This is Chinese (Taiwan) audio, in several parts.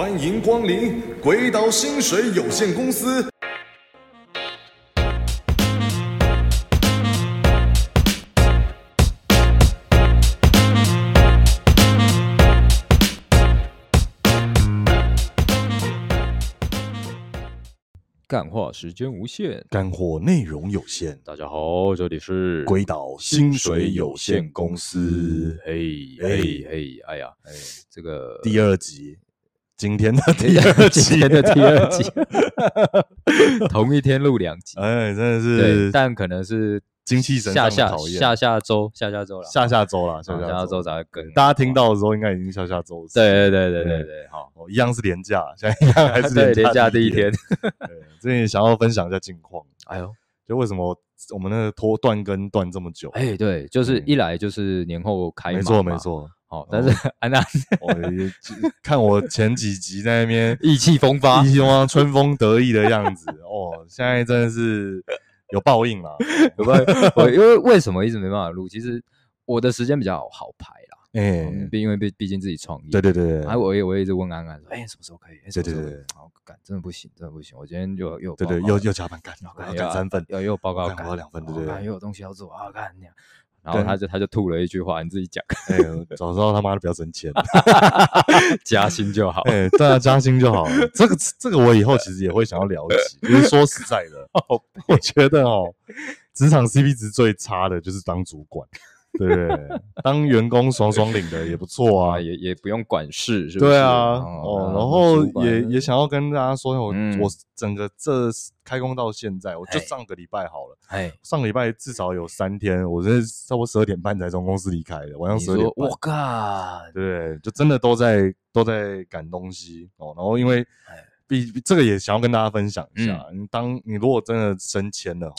歡迎光臨鬼島薪水有限公司。幹話時間無限，乾貨內容有限。大家好，這裡是鬼島薪水有限公司。哎哎哎，哎呀，哎，這個第二集。今天的第二期，今天的第二集， 二集 同一天錄兩集，哎，真的是，但可能是精氣神上下下，下下週，下下週了，下下週了，下下週找跟、嗯。大家聽到的時候應該已經下下週、嗯、對對對對，對對對，好，哦、一樣是年假，現 在還是年假， 假第一天， 對，最近想要分享一下近況，哎呦，就為什麼我們那個拖斷更斷這麼久？哎，對，就是一來就是年後開，沒錯沒錯。好、哦，但是安安、哦嗯嗯哦， 看我前幾集在那邊 意氣風發，意氣風發，春風得意的樣子哦，現在真的是有報應了。 有報應， 我因為為什麼一直沒辦法錄？其實我的時間比較好，好排啦，嗯、欸，因為畢畢竟自己創業、欸，對對對然後、啊、我也我也一直問安安說，哎、欸欸，什麼時候可以？對對對，然後真的不行，真的不行。我今天就又有報告對，對對，又又加班趕，然後趕三份，有有報告趕兩份，對對，又有東西要做啊，幹這樣。然後他就他就吐了一句話，你自己講。哎， 早知道他媽的不要升遷，哈哈哈，加薪就好。哎，對啊，加薪就好。 這個這個我以後其實也會想要了解。其 實說實在的、 哦，我覺得哦，職場 CP 值最差的就是當主管。 對，當員工爽爽領的也不錯啊， 也也不用管事是不是，對啊。哦，嗯、然後也、嗯、也想要跟大家說，我、嗯、我整個這開工到現在，我就上個禮拜好了，上個禮拜至少有三天，我是差不多十二點半才從公司離開的，晚上十二點半。我靠，oh、對，就真的都在、嗯、都在趕東西哦。然後因為比這個也想要跟大家分享一下，嗯、你當你如果真的升遷了，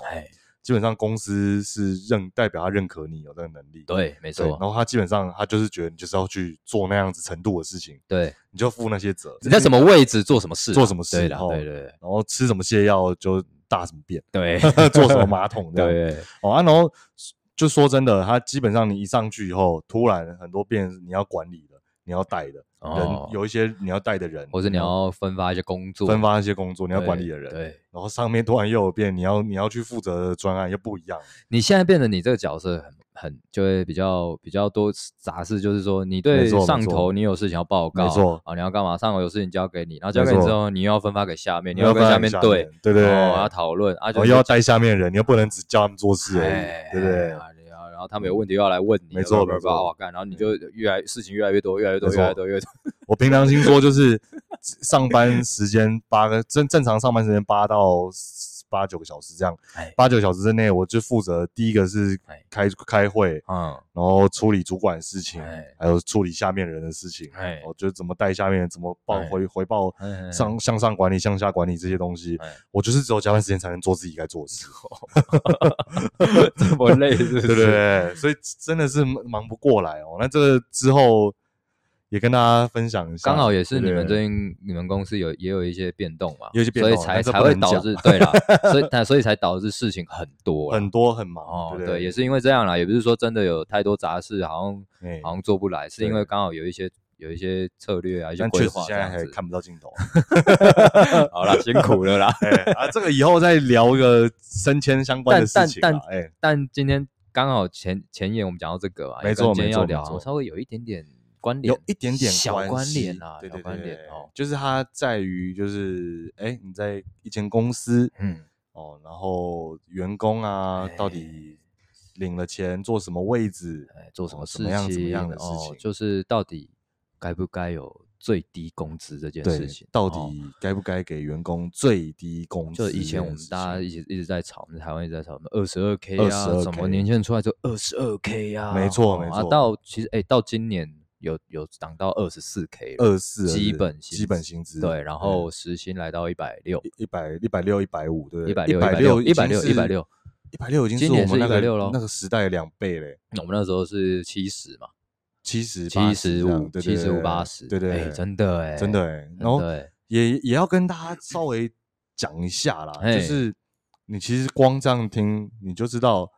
基本上公司是認代表他認可你有這個能力，對，沒錯。然後他基本上他就是覺得你就是要去做那樣子程度的事情，對，你就負那些責任。你在什麼位置做什麼事、啊、做什麼事對，對對對，然後吃什麼瀉藥就大什麼便，對， 做什麼馬桶這樣對，對，對。哦、喔，然後就說真的，他基本上你一上去以後，突然很多變，你要管理的，你要帶的。人有一些你要帶的人，哦、或者你要分發一些工作，分發一些工作，你要管理的人。對，然後上面突然又有變，你要你要去負責的專案又不一樣。你現在變成你這個角色很很就會比較比較多雜事，就是說你對上頭你有事情要報告，沒錯啊，你要幹嘛？上頭有事情交給你，然後交給你之後，你又要分發給下面，你要跟下面對下面對，對對，要討論啊、就是哦，又要帶下面的人，你又不能只教他們做事而已，哎，對不對，對？哎然後他們有問題又要來問你，沒錯好，沒錯，好好幹！然後你就越來事情越來越多，越來越多，越來越多，越來越多。我平常聽說就是上班時間八個 正正常上班時間八到。八九個小時這樣，八九個小時之內，我就負責第一個是開開會，嗯，然後處理主管的事情，嗯、還有處理下面人的事情，哎、嗯，我覺得怎麼帶下面人、嗯，怎麼報回回報上、嗯、向上管理、向下管理這些東西，嗯、我就是只有加班時間才能做自己該做的事， 這麼累是不是？ 對不對？所以真的是忙不過來哦。那這個之後。也跟大家分享一下，剛好也是你們最近對對對，你們公司有也有一些變動嘛，有一些變動，所以才才會導致，對啦。 所以、啊、所以才導致事情很多，很多很忙、哦，對，也是因為這樣啦，也不是說真的有太多雜事，好像對對對，好像做不來，是因為剛好有一些有一些策略啊，一些規劃，現在還看不到鏡頭， 好啦，辛苦了啦、 欸，啊，這個以後再聊一個升遷相關的事情，但但但哎、欸，但今天剛好前前言我們講到這個啊，沒錯，要聊沒要我稍微有一點點。關聯有一點點小關聯啊，小關聯、啊、哦，就是它在於就是哎、欸，你在一間公司，嗯，哦，然後員工啊，欸、到底領了錢做什麼位置，欸、做什麼什、哦、麼樣麼樣的事情，哦、就是到底該不該有最低工資這件事情，到底該不該給員工最低工資、哦？就以前我們大家一直一直在吵，我們台灣一直在吵，二十二 K 啊，什麼年輕人出來就二十二 K 呀，沒錯、哦、沒錯，啊到，到其實哎、欸，到今年。有有漲到二十四 K，二十四基本基本薪資對,對，然後時薪來到一百六，一百一百六一百五對，一百一百六一百六一百六一百六，一百六已經是我們那個六了，那個時代兩倍嘞。那我們那時候是七十嘛，七十七十五，七十五八十，75, 80, 對,對,對,對,對對，真的哎、欸，真的哎、欸欸，然後也也要跟大家稍微講一下啦，就是你其實光這樣聽你就知道。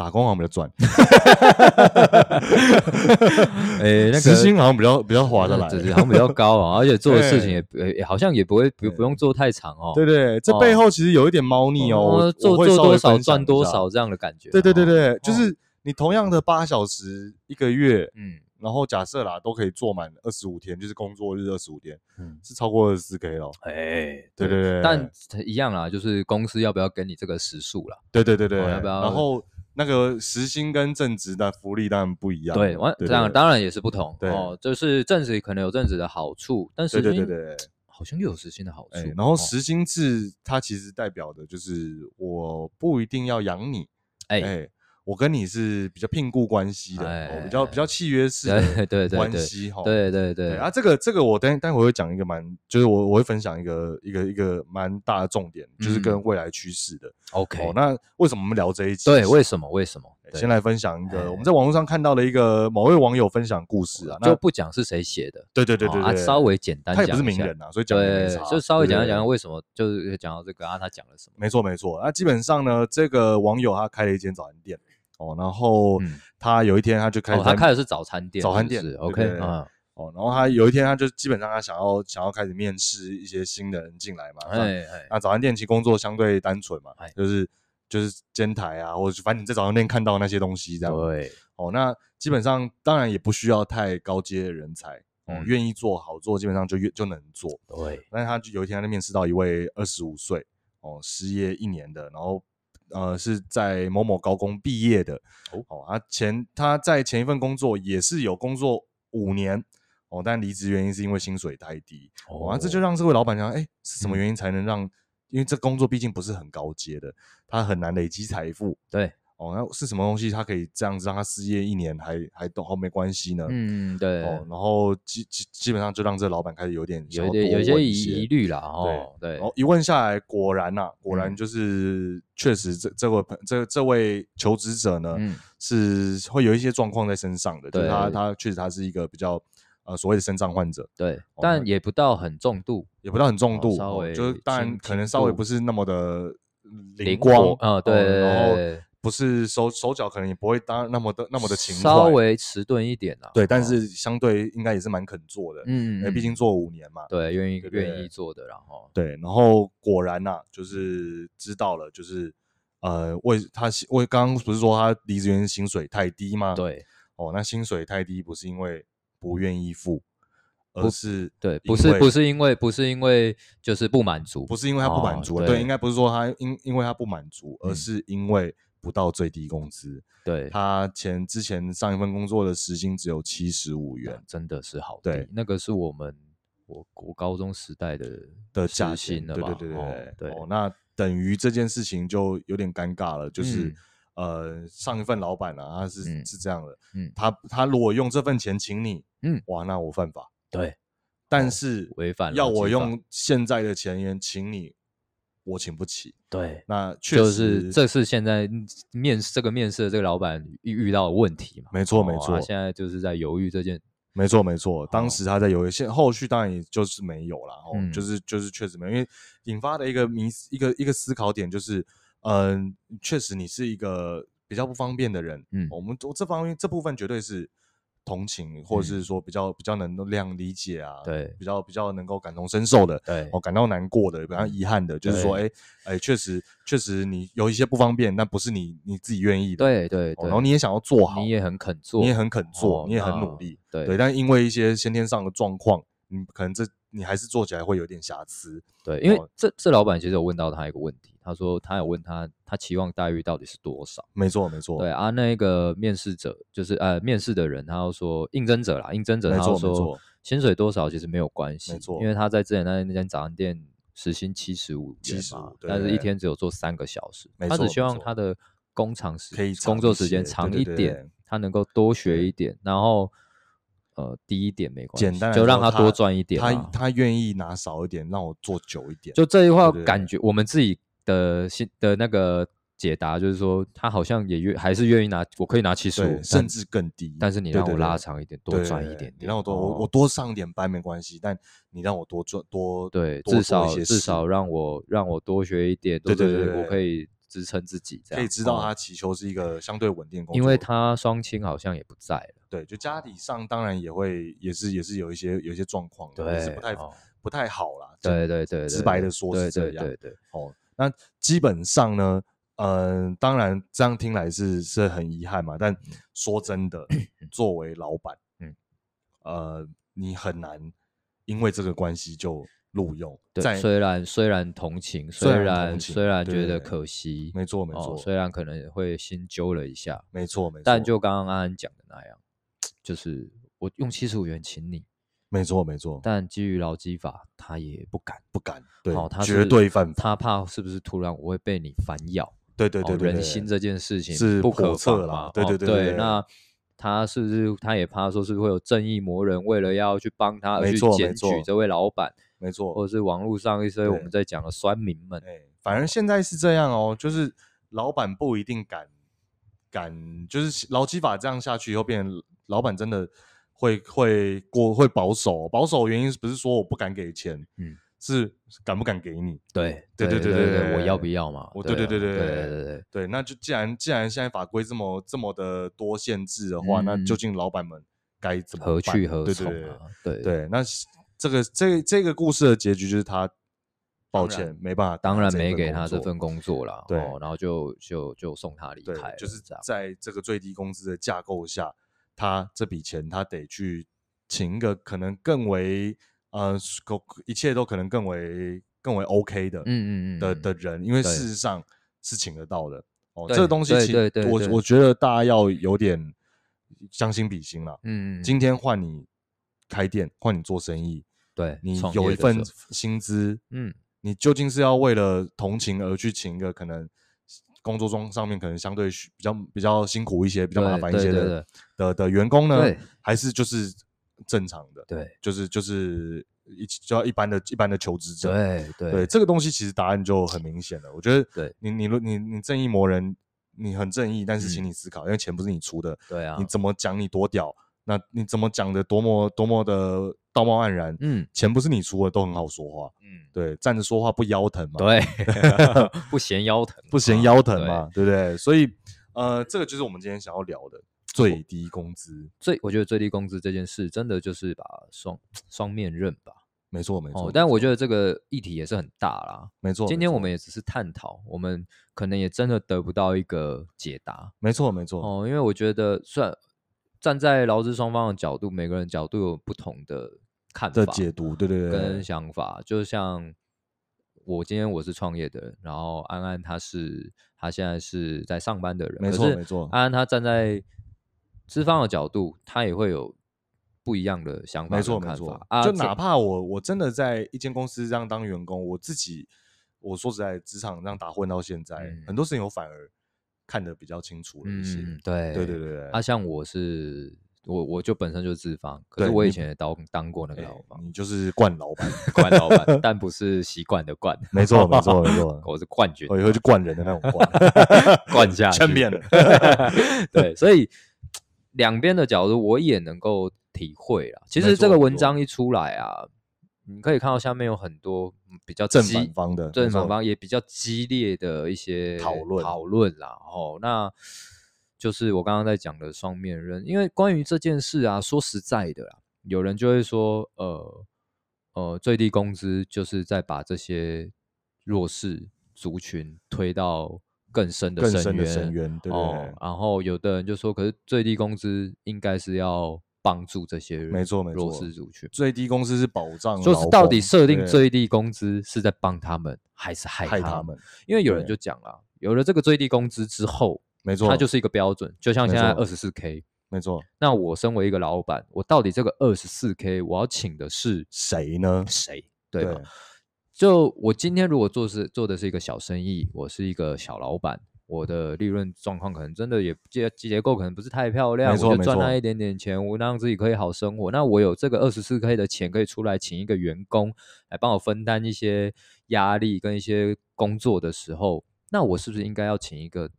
打工好像比較賺，哈哈哈哈哈。誒、那個，時薪好像比較比較划得來，就是好像比較高啊、哦，而且做的事情也誒、欸，好像也不會不不用做太長哦。對,對對，這背後其實有一點貓膩哦，哦哦做做多少賺多少這樣的感覺。對對對對，哦、就是你同樣的八小時一個月，嗯，然後假設啦都可以做滿二十五天，就是工作日二十五天，嗯，是超過二十四 K 咯。哎、嗯，對對對，但一樣啦就是公司要不要跟你這個時數啦對對對對，哦、要不要？然後。那個時薪跟正職的福利當然不一樣，對，完這樣當然也是不同，對，哦、就是正職可能有正職的好處，但時薪對對，對對對，好像又有時薪的好處。欸、然後時薪制、哦、它其實代表的就是我不一定要養你，哎、欸。欸我跟你是比較聘僱關係的哎哎、哦，比較比較契約式的關、對關係對對對。哦、對對對對對啊、這個，這個這個我待待會會講一個蠻，就是我我會分享一個一個一個蠻大的重點，就是跟未來趨勢的。嗯嗯哦、OK，、嗯、那為什麼我們聊這一集？對，為什麼？為什麼？先來分享一個，我們在網絡上看到了一個某位網友分享故事啊，那就不講是誰寫的。對對對對，對、啊，稍微簡單一點，他也不是名人啊，所以講就稍微講講為什麼，就是講到這個啊，他講了什麼？沒錯沒錯，那、啊、基本上呢，這個網友他開了一間早餐店。哦，然後、嗯、他有一天他就開始、哦，他開的是早餐店是、是，早餐店，OK 對對對啊。哦，然後他有一天他就基本上他想要、嗯、想要開始面試一些新的人進來嘛。對、嗯嗯。那早餐店其實工作相對單純嘛、嗯，就是就是煎台啊，或者反正你在早餐店看到那些東西這樣。對。哦，那基本上當然也不需要太高階的人才，願、嗯嗯、意做好做基本上就越就能做。對。但是他就有一天他就面試到一位二十五歲，哦，失業一年的，然後。呃，是在某某高工畢業的哦，哦，啊前他在前一份工作也是有工作五年哦，但離職原因是因為薪水太低，哦、啊這就讓這位老板講，哎、欸，是什麼原因才能讓，嗯、因為這工作畢竟不是很高階的，他很難累積財富，對。哦，那是什麼東西？他可以這樣子讓他失業一年還，還還都後沒關係呢？嗯，對。哦，然後基基基本上就讓這個老闆開始有點有有些疑疑慮了。對對。哦，一問下來，果然吶、啊嗯，果然就是確實這這位朋這這位求職者呢、嗯、是會有一些狀況在身上的。對，就他他確實他是一個比較呃所謂的身障患者。對、哦，但也不到很重度，嗯、也不到很重度，哦、稍微、嗯、就是當然可能稍微不是那麼的靈光。呃、嗯，對，對，對、嗯。然後。不是手手腳可能也不會搭那麼的那麼的勤快，稍微遲鈍一點啦、啊。對，但是相對應該也是蠻肯做的。嗯嗯，畢、欸、竟做五年嘛。對，願意願意做的，然後對，然後果然吶、啊，就是知道了，就是呃，為他，為剛剛不是說他離職原因薪水太低嗎？對，哦，那薪水太低不是因為不願意付，不而是對，不是不是因為不是因為就是不滿足，不是因為他不滿足了、哦，對，應該不是說他因因為他不滿足，而是因為、嗯。不到最低工資，對，他前，之前上一份工作的時薪只有七十五元，真的是好低。對，那個是我們我我高中時代的的時薪了吧？對對對對、哦、對。哦，那等於這件事情就有點尷尬了，就是、嗯、呃，上一份老板啊，他是、嗯、是這樣的，嗯，他他如果用這份錢請你，嗯，哇，那我犯法，對，但是、哦、要我用現在的錢元請你。我請不起，對，那確實，就是、這是現在面這個面試的這個老闆遇遇到的問題嘛？沒錯，沒錯，他、哦啊、現在就是在猶豫這件，沒錯，沒錯。當時他在猶豫，現、哦、後續當然也就是沒有了，哦，嗯、就是就是確實沒有，因為引發的一個迷思一個一個思考點就是，嗯、呃，確實你是一個比較不方便的人，嗯，我們這方面這部分絕對是。同情，或者是說比較比較能量理解啊，對、嗯，比較比較能夠感同身受的，對、喔，感到難過的，比較遺憾的，就是說，哎、欸、哎，確實確實你有一些不方便，但不是你你自己願意的，對對，對，然後你也想要做好，你也很肯做，你也很肯做，喔、你也很努力對對，對，但因為一些先天上的狀況，嗯，可能這。你還是做起來會有點瑕疵，對，因為這這老闆其實有問到他一個問題，他說他有問他，他期望待遇到底是多少？沒錯，沒錯。對啊，那個面試者就是呃，面試的人他說，他要說應徵者啦，應徵者他要說薪水多少其實沒有關係，沒錯，因為他在之前那那間早餐店時薪七十五，七十五，但是一天只有做三個小時，沒錯，他只希望他的工廠時間工作時間長一點，對對對，他能夠多學一點，然後。呃，低一點沒關係，簡單就讓他多賺一點。他他願意拿少一點，讓我做久一點。就這句話感覺，我們自己的心的那個解答，就是說他好像也願還是願意拿，我可以拿七十五，甚至更低。但是你讓我拉長一點，對對對，多賺一點點，對對對，你讓我多、哦、我多上一點班沒關係。但你讓我多做多對多，至少至少讓我讓我多學一點，對，對對對，我可以。支撐自己，可以知道他祈求是一個相對穩定的工作、哦，因為他雙親好像也不在了。對，就家裡上當然也會，也是也是有一些有一些狀況，也是不太、哦、不太好啦。對對對，對，直白的說是這樣對、對、對、對、對、對。哦，那基本上呢，嗯、呃，當然這樣聽來是是很遺憾嘛，但說真的， 作為老闆，嗯，呃，你很難因為這個關係就。錄用，對，雖然雖然同情，雖然雖然，雖然覺得可惜，對對對沒錯、哦、沒錯，雖然可能也會心揪了一下，沒錯沒錯，但就剛剛安安講的那樣，就是我用七十五元請你，沒錯沒錯，但基於勞基法，他也不敢不敢，好、哦，他絕對犯法，他怕是不是突然我會被你反咬，對對對，對，對，、哦對，對，對，對，對，人心這件事情是不可測啦。對對對，對，對，對，、哦對，那他是不是他也怕說是，不是會有正義魔人為了要去幫他，而去沒錯，檢舉這位老板。沒錯，或者是網絡上一些我們在講的酸民們，哎，反正現在是這樣哦，就是老板不一定敢敢，就是勞基法這樣下去以後，變成老板真的會會過會保守，保守的原因是不是說我不敢給錢？嗯、是敢不敢給你？對對對對對對，對對對，我要不要嘛？我對對對對對對對對，那就既然既然現在法規這麼這麼的多限制的話，嗯、那究竟老板們該怎麼？何去何從、啊、對對對，對對對對對對對那。這個這個、這個故事的結局就是他，抱歉沒辦法，當然沒給他這份工作了。對、哦，然後就就就送他離開，就是在這個最低工資的架構下，這他這筆錢他得去請一個可能更為呃，一切都可能更為更為 OK 的，嗯嗯嗯的的人，因為事實上是請得到的。哦，這個東西請對對對對我我覺得大家要有點將心比心了。嗯嗯，今天換你開店，換你做生意。對，你有一份薪資，嗯，你究竟是要為了同情而去請一個可能工作中上面可能相對比較比較辛苦一些、比較麻煩一些的對對對的的，的員工呢，還是就是正常的，對，就是就是一叫一般的一般的求職者，對對，對，這個東西其實答案就很明顯了。我覺得，對，你你你你正義魔人，你很正義，但是請你思考，嗯、因為錢不是你出的，對啊，你怎麼講你多屌？那你怎麼講的多麼多麼的道貌岸然？嗯，錢不是你出的，都很好說話。嗯，對，站着說話不腰疼嘛？對 不，不嫌腰疼，不嫌腰疼嘛？對不對，對，對？所以，呃，這個就是我們今天想要聊的最低工資。最我覺得最低工資這件事真的就是把雙雙面刃吧。沒錯，沒錯、哦。但我覺得這個議題也是很大啦。沒錯，今天我們也只是探討，我們可能也真的得不到一個解答。沒錯，沒錯。哦，因為我覺得算。站在勞資雙方的角度，每個人角度有不同的看法、的解讀，對對對，跟想法。就像我今天我是創業的，然後安安他是他現在是在上班的人，沒錯沒錯。安安他站在資方的角度，嗯、他也會有不一樣的想法，法，沒錯沒錯。就哪怕我、啊、我真的在一間公司這樣當員工，我自己我說實在，職場這樣打混到現在，嗯、很多事情我反而看得比較清楚的一些、嗯對，對對對對對。啊、像我是我，我就本身就是資方，可是我以前也當當過那個老闆、欸，你就是慣老闆，慣 老闆，但不是習慣的慣，沒錯沒錯沒錯，沒錯 我是冠軍，我、哦、以後就慣人的那種慣，慣 下去全面了。 對，所以兩邊的角度我也能夠體會了。其實這個文章一出來啊。你可以看到下面有很多比較正反方的，正反方也比較激烈的一些討論討論啦。哦，那就是我剛剛在講的雙面人，因為關於這件事啊，說實在的啦、啊，有人就會說，呃呃，最低工資就是在把這些弱勢族群推到更深的深淵，深淵，哦，對？然後有的人就說，可是最低工資應該是要。幫助這些人，沒錯，沒錯，弱勢族群最低工資是保障，就是到底設定最低工資是在幫他們還是害他們？因為有人就講了啊，有了這個最低工資之後，沒錯，它就是一個標準，就像現在二十四 K，沒錯。那我身為一個老闆，我到底這個二十四 K 我要請的是誰呢？誰？對吧？就我今天如果做是做的是一個小生意，我是一個小老闆。我的利潤狀況可能真的也結、結構可能不是太漂亮，我就賺那一點點錢，我讓自己可以好生活。那我有這個二十四 K 的錢可以出來，請一個員工來幫我分擔一些壓力跟一些工作的時候，那我是不是應該要請一個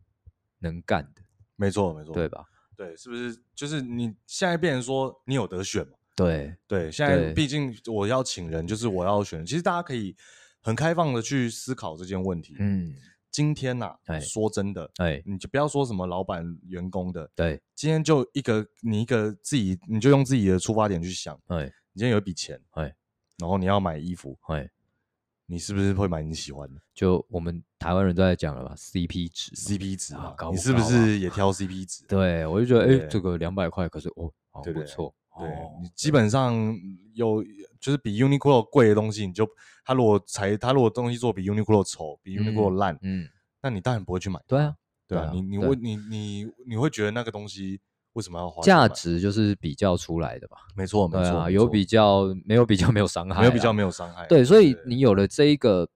能幹的？沒錯，沒錯，對吧？對，是不是就是你現在變成說你有得選嘛？對，對，現在畢竟我要請人，就是我要選人。其實大家可以很開放的去思考這件問題。嗯。今天吶、啊，哎、欸，說真的，哎、欸，你就不要說什麼老闆、員工的，對、欸，今天就一個你一個自己，你就用自己的出發點去想，哎、欸，你今天有一筆錢，哎、欸，然後你要買衣服，哎、欸，你是不是會買你喜歡的？嗯、就我們台灣人都在講了吧，CP 值，CP 值啊高，你是不是也挑 CP 值？ 對，我就覺得哎、欸，這個兩百塊可是哦，好不錯。對對對啊。對，你基本上有就是比 Uniqlo 貴的東西，你就他如果才他如果東西做比 Uniqlo 醜，比 Uniqlo 爛，嗯，嗯，那你當然不會去買。對啊，對啊，對啊，你你你你你，你會覺得那個東西為什麼要花？價值就是比較出來的吧。沒錯，沒錯，對啊，有比較，沒有比較沒有傷害，沒有比較沒有傷害，有有害。對，所以你有了這一個。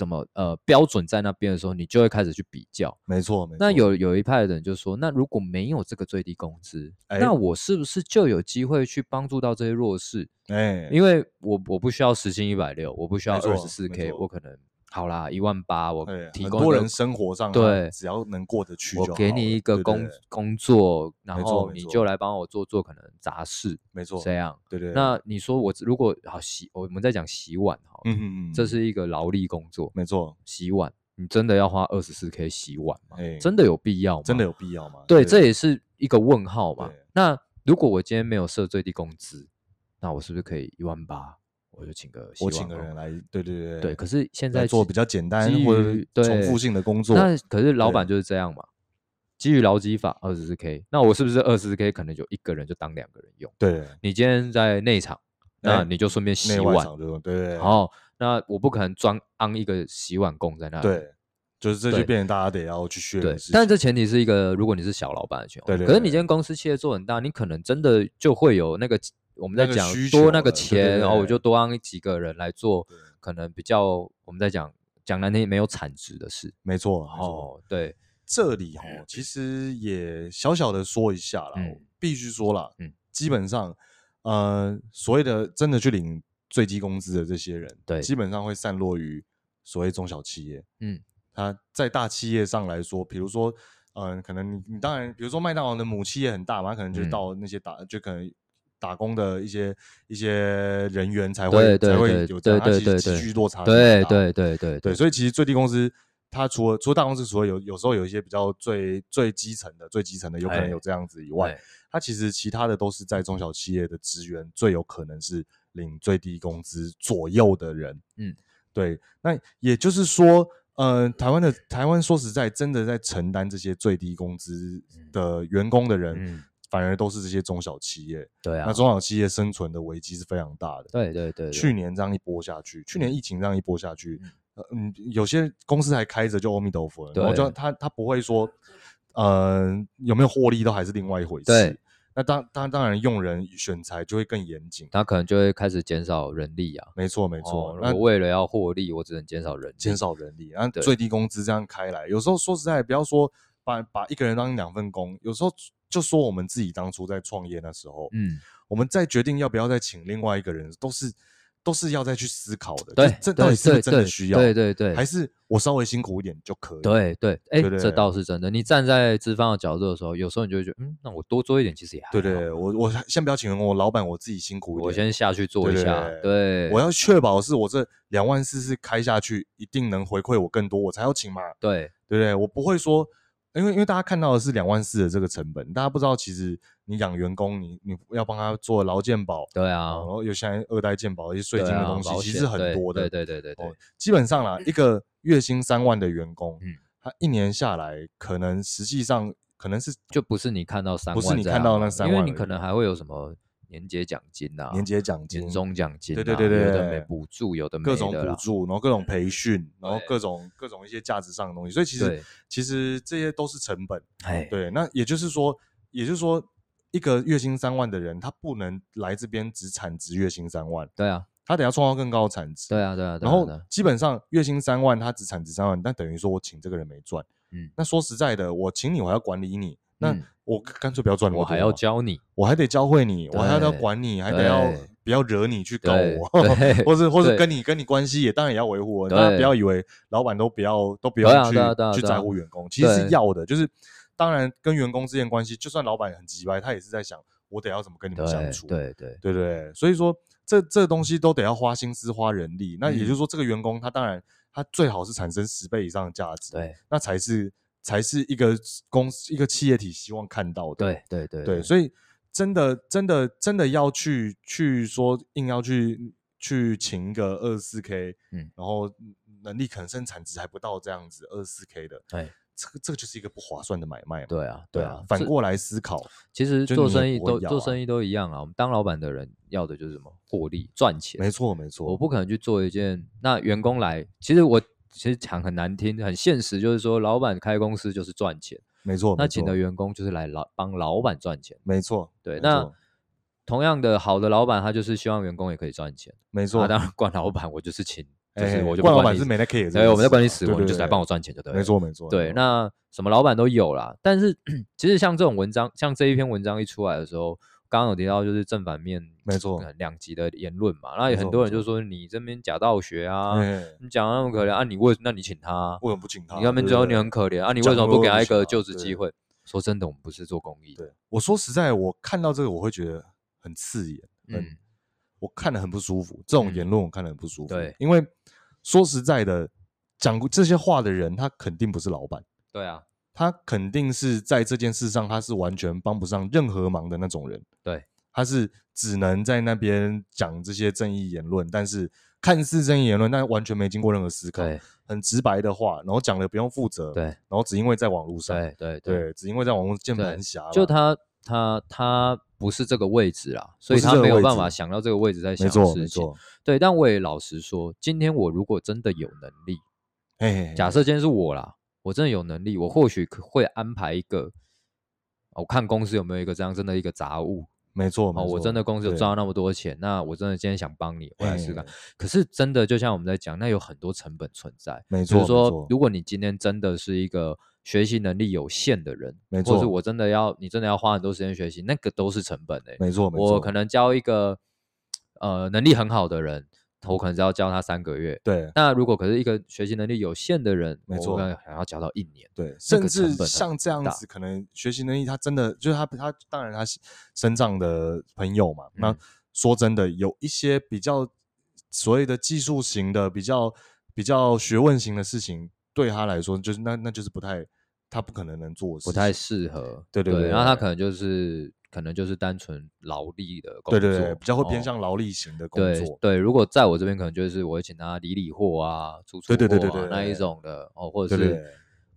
什麼呃標準在那邊的時候，你就會開始去比較。沒錯，沒錯，那有有一派的人就說，那如果沒有這個最低工資，欸，那我是不是就有機會去幫助到這些弱勢，欸。因為我我不需要時薪一百六，我不需要二十四 K，我可能。好啦，一萬八，我提供很多人生活上對，只要能過得去就好，我給你一個工、對對，工作，然後你就來幫我做做可能雜事，沒錯，這樣對對。那你說我如果好洗，我們在講洗碗好，嗯嗯嗯，這是一個勞力工作，沒錯，洗碗你真的要花二十四 K 洗碗嗎？真的有必要嗎？真的有必要嗎？對，對對，這也是一個問號嘛。那如果我今天沒有設最低工資，那我是不是可以一萬八？我就請個、啊、我請個人來，對對對，對。可是現在做比較簡單基於對或者重複性的工作，那可是老闆就是這樣嘛？基於勞基法二十四 K，那我是不是二十四 K 可能就一個人就當兩個人用？對，對，你今天在內場，那你就順便洗碗，欸、對對對。那我不可能裝安一個洗碗工在那裡，對，就是這就變成大家得要去學對對。對，但是這前提是一個，如果你是小老闆的情況，對、對、對。可是你今天公司企業做很大，你可能真的就會有那個。我們在講、那個、多那個錢對對，然後我就多讓幾個人來做，可能比較我們在講講的那些沒有產值的事，沒錯。哈、哦，對這裡哈，其實也小小的說一下啦，嗯、必須說啦，嗯，基本上，呃，所謂的真的去領最低工資的這些人，對，基本上會散落於所謂中小企業，嗯，他在大企業上來說，比如說，嗯、呃，可能你你當然，比如說麥當勞的母企業很大嘛，他可能就到那些大、嗯、就可能。打工的一些一些人員才會對對對，才會有這樣對對對對持續落差，對對，對對對對對，所以其實最低工資它除了除了大公司，除了有有時候有一些比較最最基層的最基層的有可能有這樣子以外，它，哎、其實其他的都是在中小企業的職員最有可能是領最低工資左右的人，嗯，對，那也就是說，嗯、呃，台灣的台灣說實在真的在承擔這些最低工資的員工的人。嗯嗯反而都是這些中小企業，對啊，那中小企業生存的危機是非常大的。對對對，對，去年這樣一波下去，嗯，去年疫情這樣一波下去嗯、呃，嗯，有些公司還開着就阿彌陀佛。我就他他不會說，嗯、呃，有沒有獲利都還是另外一回事。那當當當然用人選才就會更嚴謹，他可能就會開始減少人力啊。沒錯沒錯，我、哦、為了要獲利，我只能減少人力，減少人力，那最低工資這樣開來，有時候說實在，不要說把把一個人當兩份工，有時候。就說我們自己當初在創業那時候，嗯，我們在決定要不要再請另外一個人，都是都是要再去思考的。對，這到底是不是真的需要？對對對，對，對，還是我稍微辛苦一點就可以？對對，哎，這倒是真的。你站在資方的角度的時候，有時候你就會覺得，嗯，那我多做一點其實也還好對。對，我我先不要請人，工，我老板我自己辛苦一點，我先下去做一下對。對，我要確保是我這兩萬四是開下去，一定能回饋我更多，我才要請嘛。對對對。我不會說。因為因為大家看到的是兩萬四的這個成本，大家不知道其實你養員工，你你要幫他做勞健保，對啊，然、嗯、後有現在二代健保一些稅金的東西，啊、其實是很多的。對對對對對、哦。基本上啦，一個月薪三萬的員工、嗯，他一年下來可能實際上可能是就不是你看到三萬、啊，不是你看到那三萬，因為你可能還會有什麼。年節獎金吶、啊，年節獎金、年終獎金、啊，對對對對，對，補助，有的，的各種補助，然後各種培訓，然後各種各種一些價值上的東西。所以其實其實這些都是成本。對，那也就是說也就是說，一個月薪三萬的人，他不能來這邊只產值月薪三萬。對啊，他等下創造更高的產值對、啊。對啊，對啊。然後基本上月薪三萬，他只產值三萬，但等於說我請這個人沒賺。嗯，那說實在的，我請你，我要管理你。嗯、那我乾脆不要賺，我還要教你，我還得教會你，我還要管你，還得要不要惹你去搞我，呵呵或者或者跟你跟你關係也當然也要維護。大家不要以為老闆都不要都不要去去在乎員工、乎員工，其實是要的。就是當然跟員工之間關係，就算老闆很雞掰，他也是在想我得要怎麼跟你們相處。對對對、對對對，所以說這這東西都得要花心思花人力、嗯。那也就是說，這個員工他當然他最好是產生十倍以上的價值，對，那才是。才是一個公司、一個企業體希望看到的。對對對對對，所以真的、真的、真的要去去說，硬要去去請一個 24K，嗯，然後能力可能生產值還不到這樣子 24K 的，對、哎，這個這個就是一個不划算的買賣。對啊，對啊，對，反過來思考，其實做生意都、啊、做生意都做生意都一樣啊。我們當老闆的人要的就是什麼？獲利、賺錢。沒錯沒錯，我不可能去做一件那員工來，其實我。其實講很難聽，很現實，就是說，老闆開公司就是賺錢，沒錯。那請的員工就是來老幫老闆賺錢，沒錯。對，那同樣的好的老闆，他就是希望員工也可以賺錢，沒錯、啊。當然，管老闆我就是請。欸欸就是我就管，管老闆是沒得可以，對，我們在管你死活，你就是來幫我賺錢，就對，沒錯，沒錯。對，那什麼老闆都有啦，但是 其實像這種文章，像這一篇文章一出來的時候。剛剛有提到就是正反面，沒錯，兩極的言論嘛。那有很多人就說你這邊假道學啊，你講那麼可憐啊，你為那你請他、啊，為什麼不請他？你那邊之後你很可憐啊，你為什麼不給他一個就職機會？說真的，我們不是做公益。對，我說實在，我看到這個我會覺得很刺眼，嗯，我看得很不舒服。這種言論我看得很不舒服。對、嗯，因為說實在的，講這些話的人他肯定不是老板。對啊。他肯定是在這件事上，他是完全幫不上任何忙的那種人。對，他是只能在那邊講這些正義言論，但是看似正義言論，但完全沒經過任何思考，很直白的話，然後講了不用負責。對，然後只因為在網絡上，對對對，對，只因為在網絡鍵盤俠。就他他他不是這個位置啦，所以他沒有辦法想到這個位置在想事情。對，但我也老實說，今天我如果真的有能力，嘿嘿嘿，假設今天是我啦。我真的有能力，我或許會安排一個，我看公司有沒有一個這樣真的一個雜物。沒錯、喔，我真的公司有賺到那麼多錢，那我真的今天想幫你試試，我也是，可是真的就像我們在講，那有很多成本存在。沒錯，就是說如果你今天真的是一個學習能力有限的人，沒錯，或者是我真的要你真的要花很多時間學習，那個都是成本誒、欸。沒錯，沒錯，我可能教一個呃能力很好的人。頭可能只要教他三個月，對。那如果可是一個學習能力有限的人，沒錯，還要教到一年，對。甚至這像這樣子，可能學習能力他真的就是他，他，他當然他是身障的朋友嘛、嗯。那說真的，有一些比較所謂的技術型的、比較比較學問型的事情，對他來說就是那那就是不太，他不可能能做，不太適合。對對對，然後他可能就是。可能就是單純勞力的工作，對對對，哦、比較會偏向勞力型的工作。對對，如果在我這邊，可能就是我會請他理理貨啊，出出貨啊那一種的，哦，或者是對對對對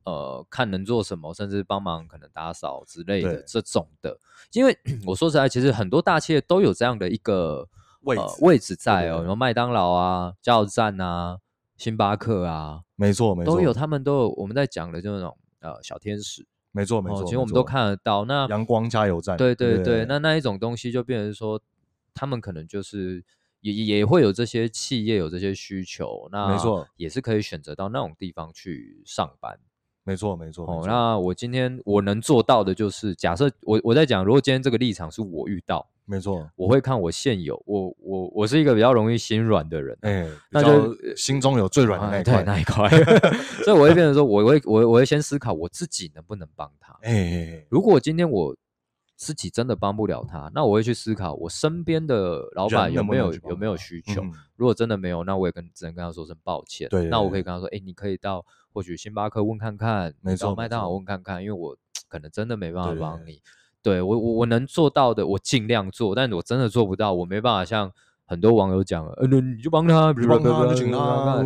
呃，看能做什麼，甚至幫忙可能打掃之類的對對對，這種的。因為咳咳我說實在，其實很多大企業都有這樣的一個位置、呃、位置在哦，有麥當勞啊、加油站啊、星巴克啊，沒錯沒錯，都有，他們都有。我們在講的就那種呃小天使。沒錯沒錯、哦，其實我們都看得到。那陽光加油站對對對，對對對，那那一種東西就變成說，對對對，他們可能就是也也會有這些企業有這些需求，那沒錯，也是可以選擇到那種地方去上班。沒錯沒錯、哦，那我今天我能做到的就是，假設我我在講，如果今天這個立場是我遇到。沒錯，我會看我現有我我我是一個比較容易心軟的人的、欸，那就心中有最軟的那一塊、啊、那一塊， 所以我會變成說，我會我我會先思考我自己能不能幫他、欸。如果今天我自己真的幫不了他，那我會去思考我身邊的老板有沒有能能有沒有需求、嗯。如果真的沒有，那我也跟只能跟他說聲抱歉。對對對，那我可以跟他說，哎、欸，你可以到或許星巴克問看看，沒錯，麥當勞問看看，因為我可能真的沒辦法幫你。對，我我我能做到的，我盡量做，但是我真的做不到，我沒辦法像很多網友講的，呃，你就幫他，比如說幫他，就請他，啊，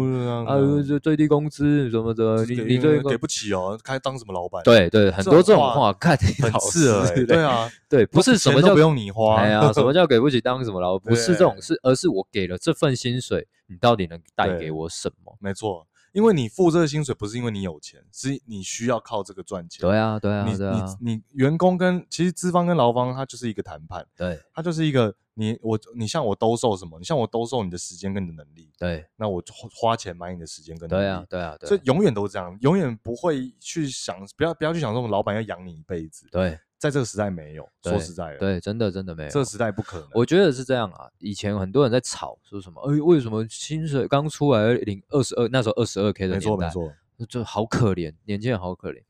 最低工資什麼的，你你給不起哦，開當什麼老板？對對，很多這種話，看很刺耳。對啊，對，不是什麼叫不用你花，什麼叫給不起當什麼老板？不是這種，事，而是我給了這份薪水，你到底能帶給我什麼？沒錯。因為你付這個薪水不是因為你有錢，是你需要靠這個賺錢。對啊，對啊，你啊你你員工跟其實資方跟勞方它，就是一個談判，對，它就是一個你我你向我兜售什麼，你向我兜售你的時間跟你的能力，對，那我花錢買你的時間跟能力，對啊，對啊，對，所以永遠都這樣，永遠不會去想，不要不要去想說老闆要養你一輩子，對。在這個時代沒有，說實在的，對，真的真的沒有，這個時代不可能。我覺得是這樣啊，以前很多人在吵說什麼，哎、欸，為什麼薪水剛出來領二十二，那時候二十二 k 的年代沒錯沒錯，就好可憐，年輕人好可憐。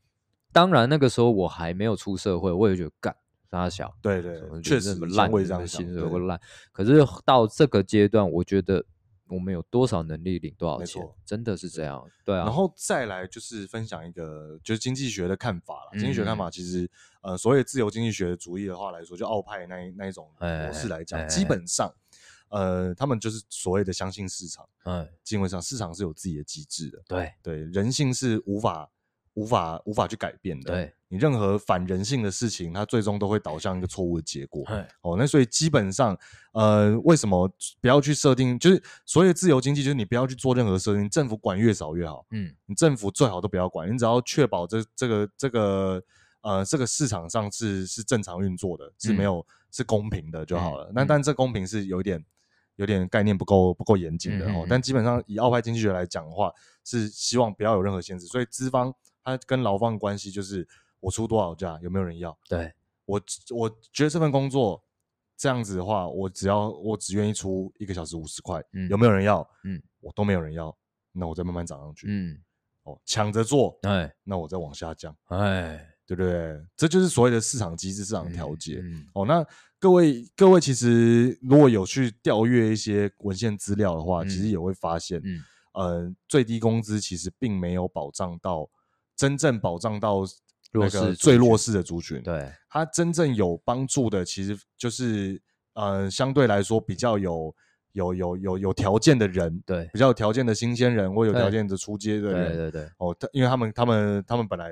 當然那個時候我還沒有出社會，我也覺得幹，啥小，對對，對什麼很，確實爛，這樣的薪水會爛。可是到這個階段，我覺得。我們有多少能力領多少錢，沒真的是這樣對，對啊。然後再來就是分享一個就是經濟學的看法啦、嗯、經濟學看法其實，呃，所謂自由經濟學主義的話來說，就澳派那一那一種模式來講、哎哎哎，基本上哎哎，呃，他們就是所謂的相信市場，嗯、哎，基本上市場是有自己的機制的，對對，人性是無法無法無法去改變的，對。你任何反人性的事情，它最終都會導向一個錯誤的結果。對，哦，那所以基本上，呃，為什麼不要去設定？就是所謂的自由經濟，就是你不要去做任何設定，政府管越少越好。嗯，你政府最好都不要管，你只要確保這這個這個呃這個市場上是是正常運作的，嗯、是沒有是公平的就好了。那、嗯、但，但這公平是有一點有點概念不夠不夠嚴謹的、嗯、哦。但基本上以奧派經濟學來講的話，是希望不要有任何限制。所以資方它跟勞方的關係就是。我出多少價？有沒有人要？對我，我覺得這份工作這樣子的話，我只要我只願意出一個小時五十塊，有沒有人要？嗯，我都沒有人要，那我再慢慢漲上去。嗯，哦，搶着做，哎，那我再往下降，哎，對不對？這就是所謂的市場機制、市場調節。嗯嗯。哦，那各位各位，其實如果有去調閱一些文獻資料的話，嗯，其實也會發現，嗯，呃，最低工資其實並沒有保障到真正保障到。弱勢最弱勢的族群，對，他真正有幫助的，其實就是，呃，相對來說比較有有有有有條件的人，對，比較有條件的新鮮人或有條件的出街的人，對對對，哦，他因為他們他們他們本來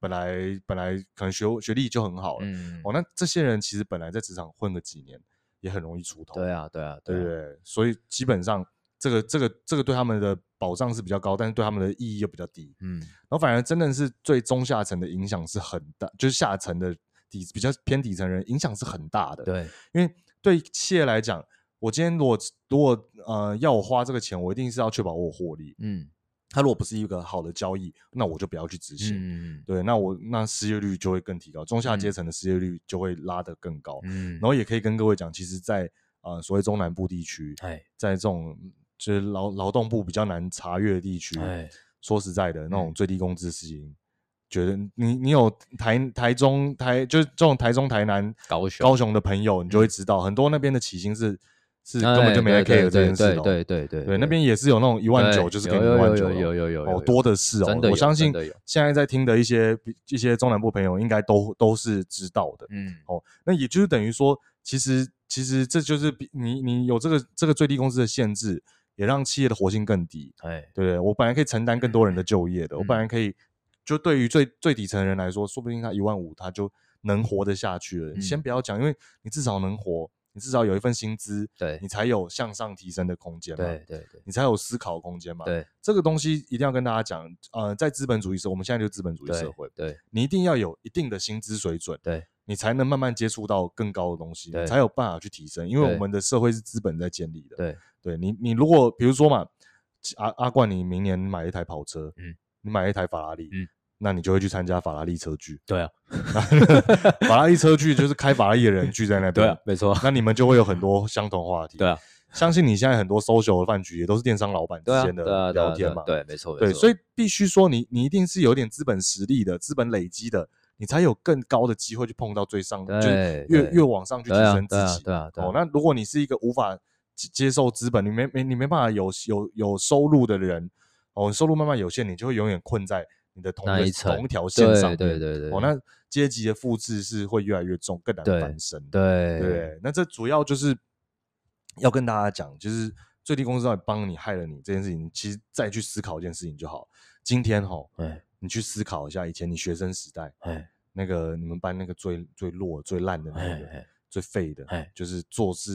本來本來可能學學歷就很好了，嗯，哦，那這些人其實本來在職場混個幾年，也很容易出頭，對啊對啊對，對對，所以基本上。這個這個這個對他們的保障是比較高，但是對他們的意義又比較低，嗯，然後反而真的是最中下層的影響是很大，就是下層的底比較偏底層人影響是很大的，對，因為對企業來講，我今天如果如果呃要我花這個錢，我一定是要確保我獲利，嗯，他如果不是一個好的交易，那我就不要去執行，嗯，嗯，嗯，對，那我那失業率就會更提高，中下階層的失業率就會拉得更高，嗯，然後也可以跟各位講，其實在，在呃所謂中南部地區，在這種。就是勞勞動部比較難查閱的地區、哎，說實在的，那種最低工資事情、嗯，覺得你你有台台中台，就是這種台中台南高雄高雄的朋友，你就會知道、嗯、很多那邊的起薪是是根本就沒在 care 這件事的，哎、對,對,對,對,對對對對，對那邊也是有那種一萬九，就是給你一萬九有有有有有有,有,有,有,有,有,有、哦、多的是哦的，我相信現在在聽的一些一些中南部朋友應該都都是知道的，嗯哦，那也就是等於說，其實其實這就是你你有這個這個最低工資的限制。也讓企業的活性更低。哎，對，對，我本來可以承擔更多人的就業的。嗯、我本來可以，就對於最最底層的人來說，說不定他一萬五他就能活得下去了。你、嗯、先不要講，因為你至少能活，你至少有一份薪資，對，你才有向上提升的空間嘛。對，對，對，你才有思考的空間嘛。對。對，這個東西一定要跟大家講。呃，在資本主義社會，我們現在就是資本主義社會。對。對，你一定要有一定的薪資水準。對。對你才能慢慢接觸到更高的東西，才有辦法去提升。因為我們的社會是資本在建立的。對，對，對你，你如果比如說嘛，阿阿冠，你明年買一台跑車，嗯，你買一台法拉利，嗯，那你就會去參加法拉利車聚。對啊， 法拉利車聚就是開法拉利的人聚在那邊。對啊，沒錯。那你們就會有很多相同話題。對啊，相信你現在很多 social 的飯局也都是電商老闆之間的聊天嘛。對，沒錯。對，所以必須說你，你你一定是有點資本實力的，資本累積的。你才有更高的機會去碰到最上，就是、越越往上去提升自己、啊啊啊啊。哦，那如果你是一個無法接受資本，你沒沒你沒辦法有有有收入的人，哦，收入慢慢有限，你就會永遠困在你的同一,一同一條線上。對對對對、哦。那階級的複製是會越來越重，更難翻身。對對，對。那這主要就是要跟大家講，就是最低工資到底幫你害了你這件事情，其實再去思考一件事情就好。今天哈、哦。嗯嗯你去思考一下，以前你學生時代，哎、嗯，那個你們班那個最最弱、最爛的那個，嘿嘿最廢的，哎，就是做事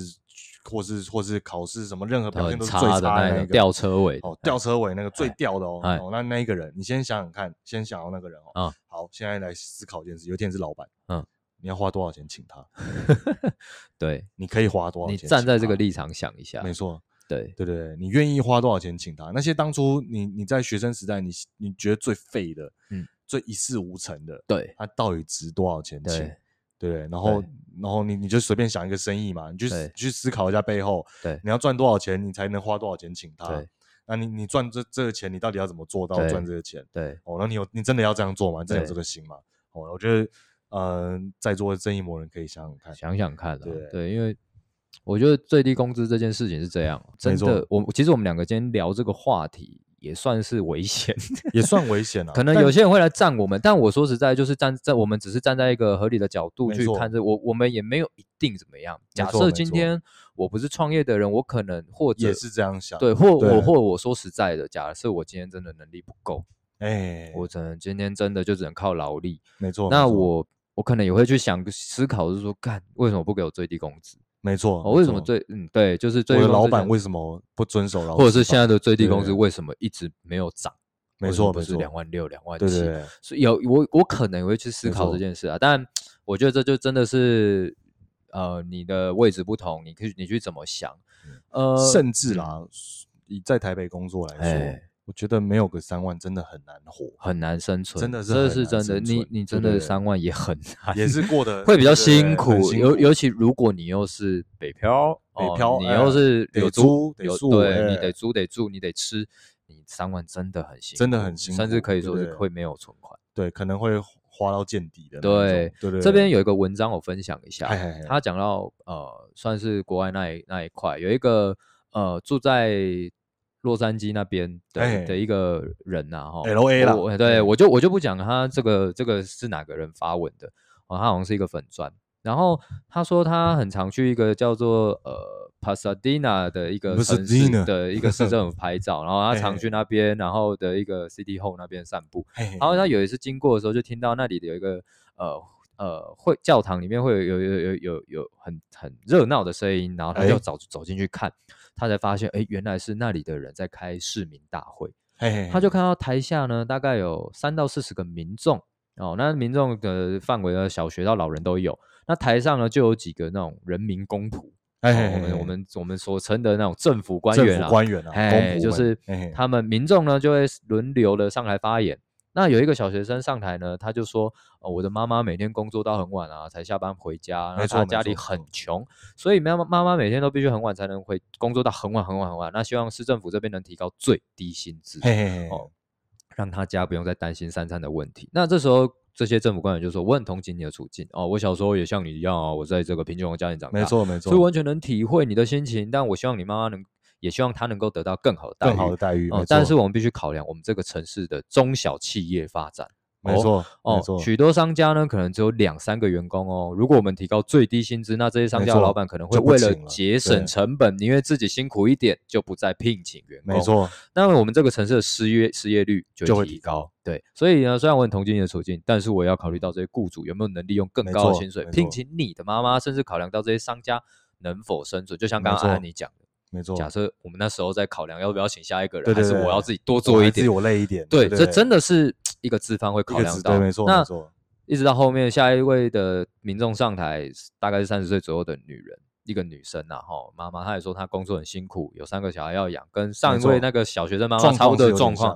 或是或是考試什麼任何表現都是最差的那個，的那個吊車尾哦，吊車尾那個最吊的哦，哦，那那一個人，你先想想看，先想到那個人哦，嗯、哦，好，現在來思考一件事，有一天是老闆，嗯，你要花多少錢請他？ 對，你可以花多少錢？你站在這個立場想一下，沒錯。對對對，你願意花多少錢請他？那些當初你你在學生時代你，你你覺得最廢的，嗯，最一事無成的，他、啊、到底值多少錢請對，對，對，對，對然後對然後你你就隨便想一個生意嘛，你去去思考一下背後，對你要賺多少錢，你才能花多少錢請他？那、啊、你你賺這這個錢，你到底要怎麼做到賺這個錢？對，哦，那、oh, 你有你真的要這樣做嗎？真的有這個心嗎？哦，oh, 我覺得，嗯、呃，在座的正義魔人可以想想看，想想看、啊，對對，對，對，因為。我覺得最低工資這件事情是這樣，真的。我其實我們兩個今天聊這個話題也算是危險，也算危險了、啊。可能有些人會來戰我們但，但我說實在，就是站在我們只是站在一個合理的角度去看這。我我們也沒有一定怎麼樣。假設今天我不是創業的人，我可能或者也是這樣想。對，或我或者我說實在的，假設我今天真的能力不夠，哎、欸，我只能今天真的就只能靠勞力。沒錯，那我我可能也會去想思考，就是說，幹為什麼不給我最低工資？沒錯，我、哦、為什麼最嗯，對，就是最我的老闆為什麼不遵守老闆，或者是現在的最低工資為什麼一直沒有漲？沒錯，不是兩萬六、兩萬七，所以有我我可能會去思考這件事啊。但我覺得這就真的是呃，你的位置不同，你可以你去怎麼想、嗯，呃，甚至啦，你在台北工作來說。欸我覺得沒有個三萬真的很難活，很難生存，真的是生存這是真的。你你真的三萬也很難，也是過得會比較辛苦，尤尤其如果你又是北漂，北漂，呃、你又是、欸、有租得住，有對、欸、你得租得住，你得吃，你三萬真的很辛苦，真的很辛苦，甚至可以說是會沒有存款，對,對,對,對，可能會花到見底的。對對,對,對對，這邊有一個文章我分享一下，對對對對他講到呃，算是國外那一那一塊有一個呃住在。洛杉磯那邊的 hey, 的一個人吶、啊，哈，LA 啦對我就我就不講他這個這個是哪個人發文的，哦、他好像是一個粉專，然後他說他很常去一個叫做呃 Pasadena 的一個城市的一個市政府拍照，Pasadena, 然後他常去那邊， 然後的一個 City Hall 那邊散步，hey, hey, 然後他有一次經過的時候就聽到那裡有一個呃。呃，會教堂裡面會有有有有有很很熱鬧的聲音，然後他就走、欸、走進去看，他才發現，哎、欸，原來是那裡的人在開市民大會。嘿嘿嘿，他就看到台下呢，大概有三到四十個民眾哦，那民眾的範圍呢，小學到老人都有。那台上呢，就有幾個那種人民公僕，哎、啊，我們我們我們所稱的那種政府官員啊，政府官員啊公僕，就是他們民眾呢，就會輪流的上台發言。那有一個小學生上台呢，他就說，哦、我的媽媽每天工作到很晚啊，才下班回家，那他家，家裡很窮，所以媽媽媽媽每天都必須很晚才能會工作到很晚很晚很晚，那希望市政府這邊能提高最低薪資，哦，讓他家不用再擔心三餐的問題。那這時候這些政府官員就說，我很同情你的處境、哦、我小時候也像你一樣啊、哦，我在這個貧窮的家庭長大，沒錯沒錯，所以完全能體會你的心情，但我希望你媽媽能。也希望他能夠得到更好的待遇，更好的待遇。嗯、但是我們必須考量我們這個城市的中小企業發展。沒錯，許、哦哦、多商家呢可能只有兩三個員工哦。如果我們提高最低薪資，那這些商家的老板可能會為了節省成本，寧願自己辛苦一點，就不再聘請員工。沒錯，那麼我們這個城市的失業失業率就會，就會提高。對，所以呢，雖然我很同情你的處境，但是我要考慮到這些雇主有沒有能力用更高的薪水聘請你的媽媽，甚至考量到這些商家能否生存。就像剛剛安妮講的。沒錯假設我們那時候在考量要不要請下一個人，對對對還是我要自己多做一點，我自己我累一點。對,對,對,對，這真的是一個資方會考量到。一沒錯那沒錯一直到後面、嗯、下一位的民眾上台，大概是三十歲左右的女人，一個女生然、啊、齁，媽媽，媽媽她也說她工作很辛苦，有三個小孩要養，跟上一位那個小學生媽媽差不多的狀況。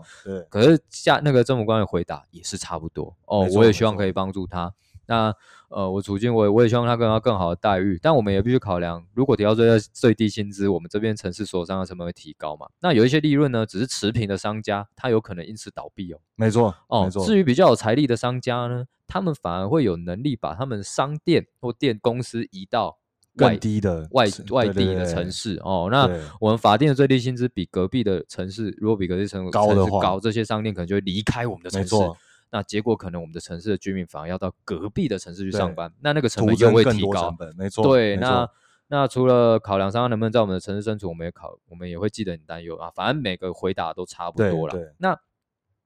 可是下那個政府官員回答也是差不多。哦，我也希望可以幫助她。那呃，我處境，我也我也希望他得到更好的待遇，但我們也必須考量，如果提到最最低薪資，我們這邊城市所有商家的成本會提高嘛，那有一些利潤呢，只是持平的商家，他有可能因此倒閉哦。沒錯，哦，至於比較有財力的商家呢，他們反而會有能力把他們商店或店公司移到更低的外外地的城市對對對對哦。那我們法定的最低薪資比隔壁的城市，如果比隔壁城市高的話，如果比隔壁的城市高，這些商店可能就會離開我們的城市。那結果可能我們的城市的居民反而要到隔壁的城市去上班，那那個成本就會提高。對，那那除了考量，上能不能在我們的城市生存，我們也考，我們也會記得很擔憂啊。反正每個回答都差不多了。那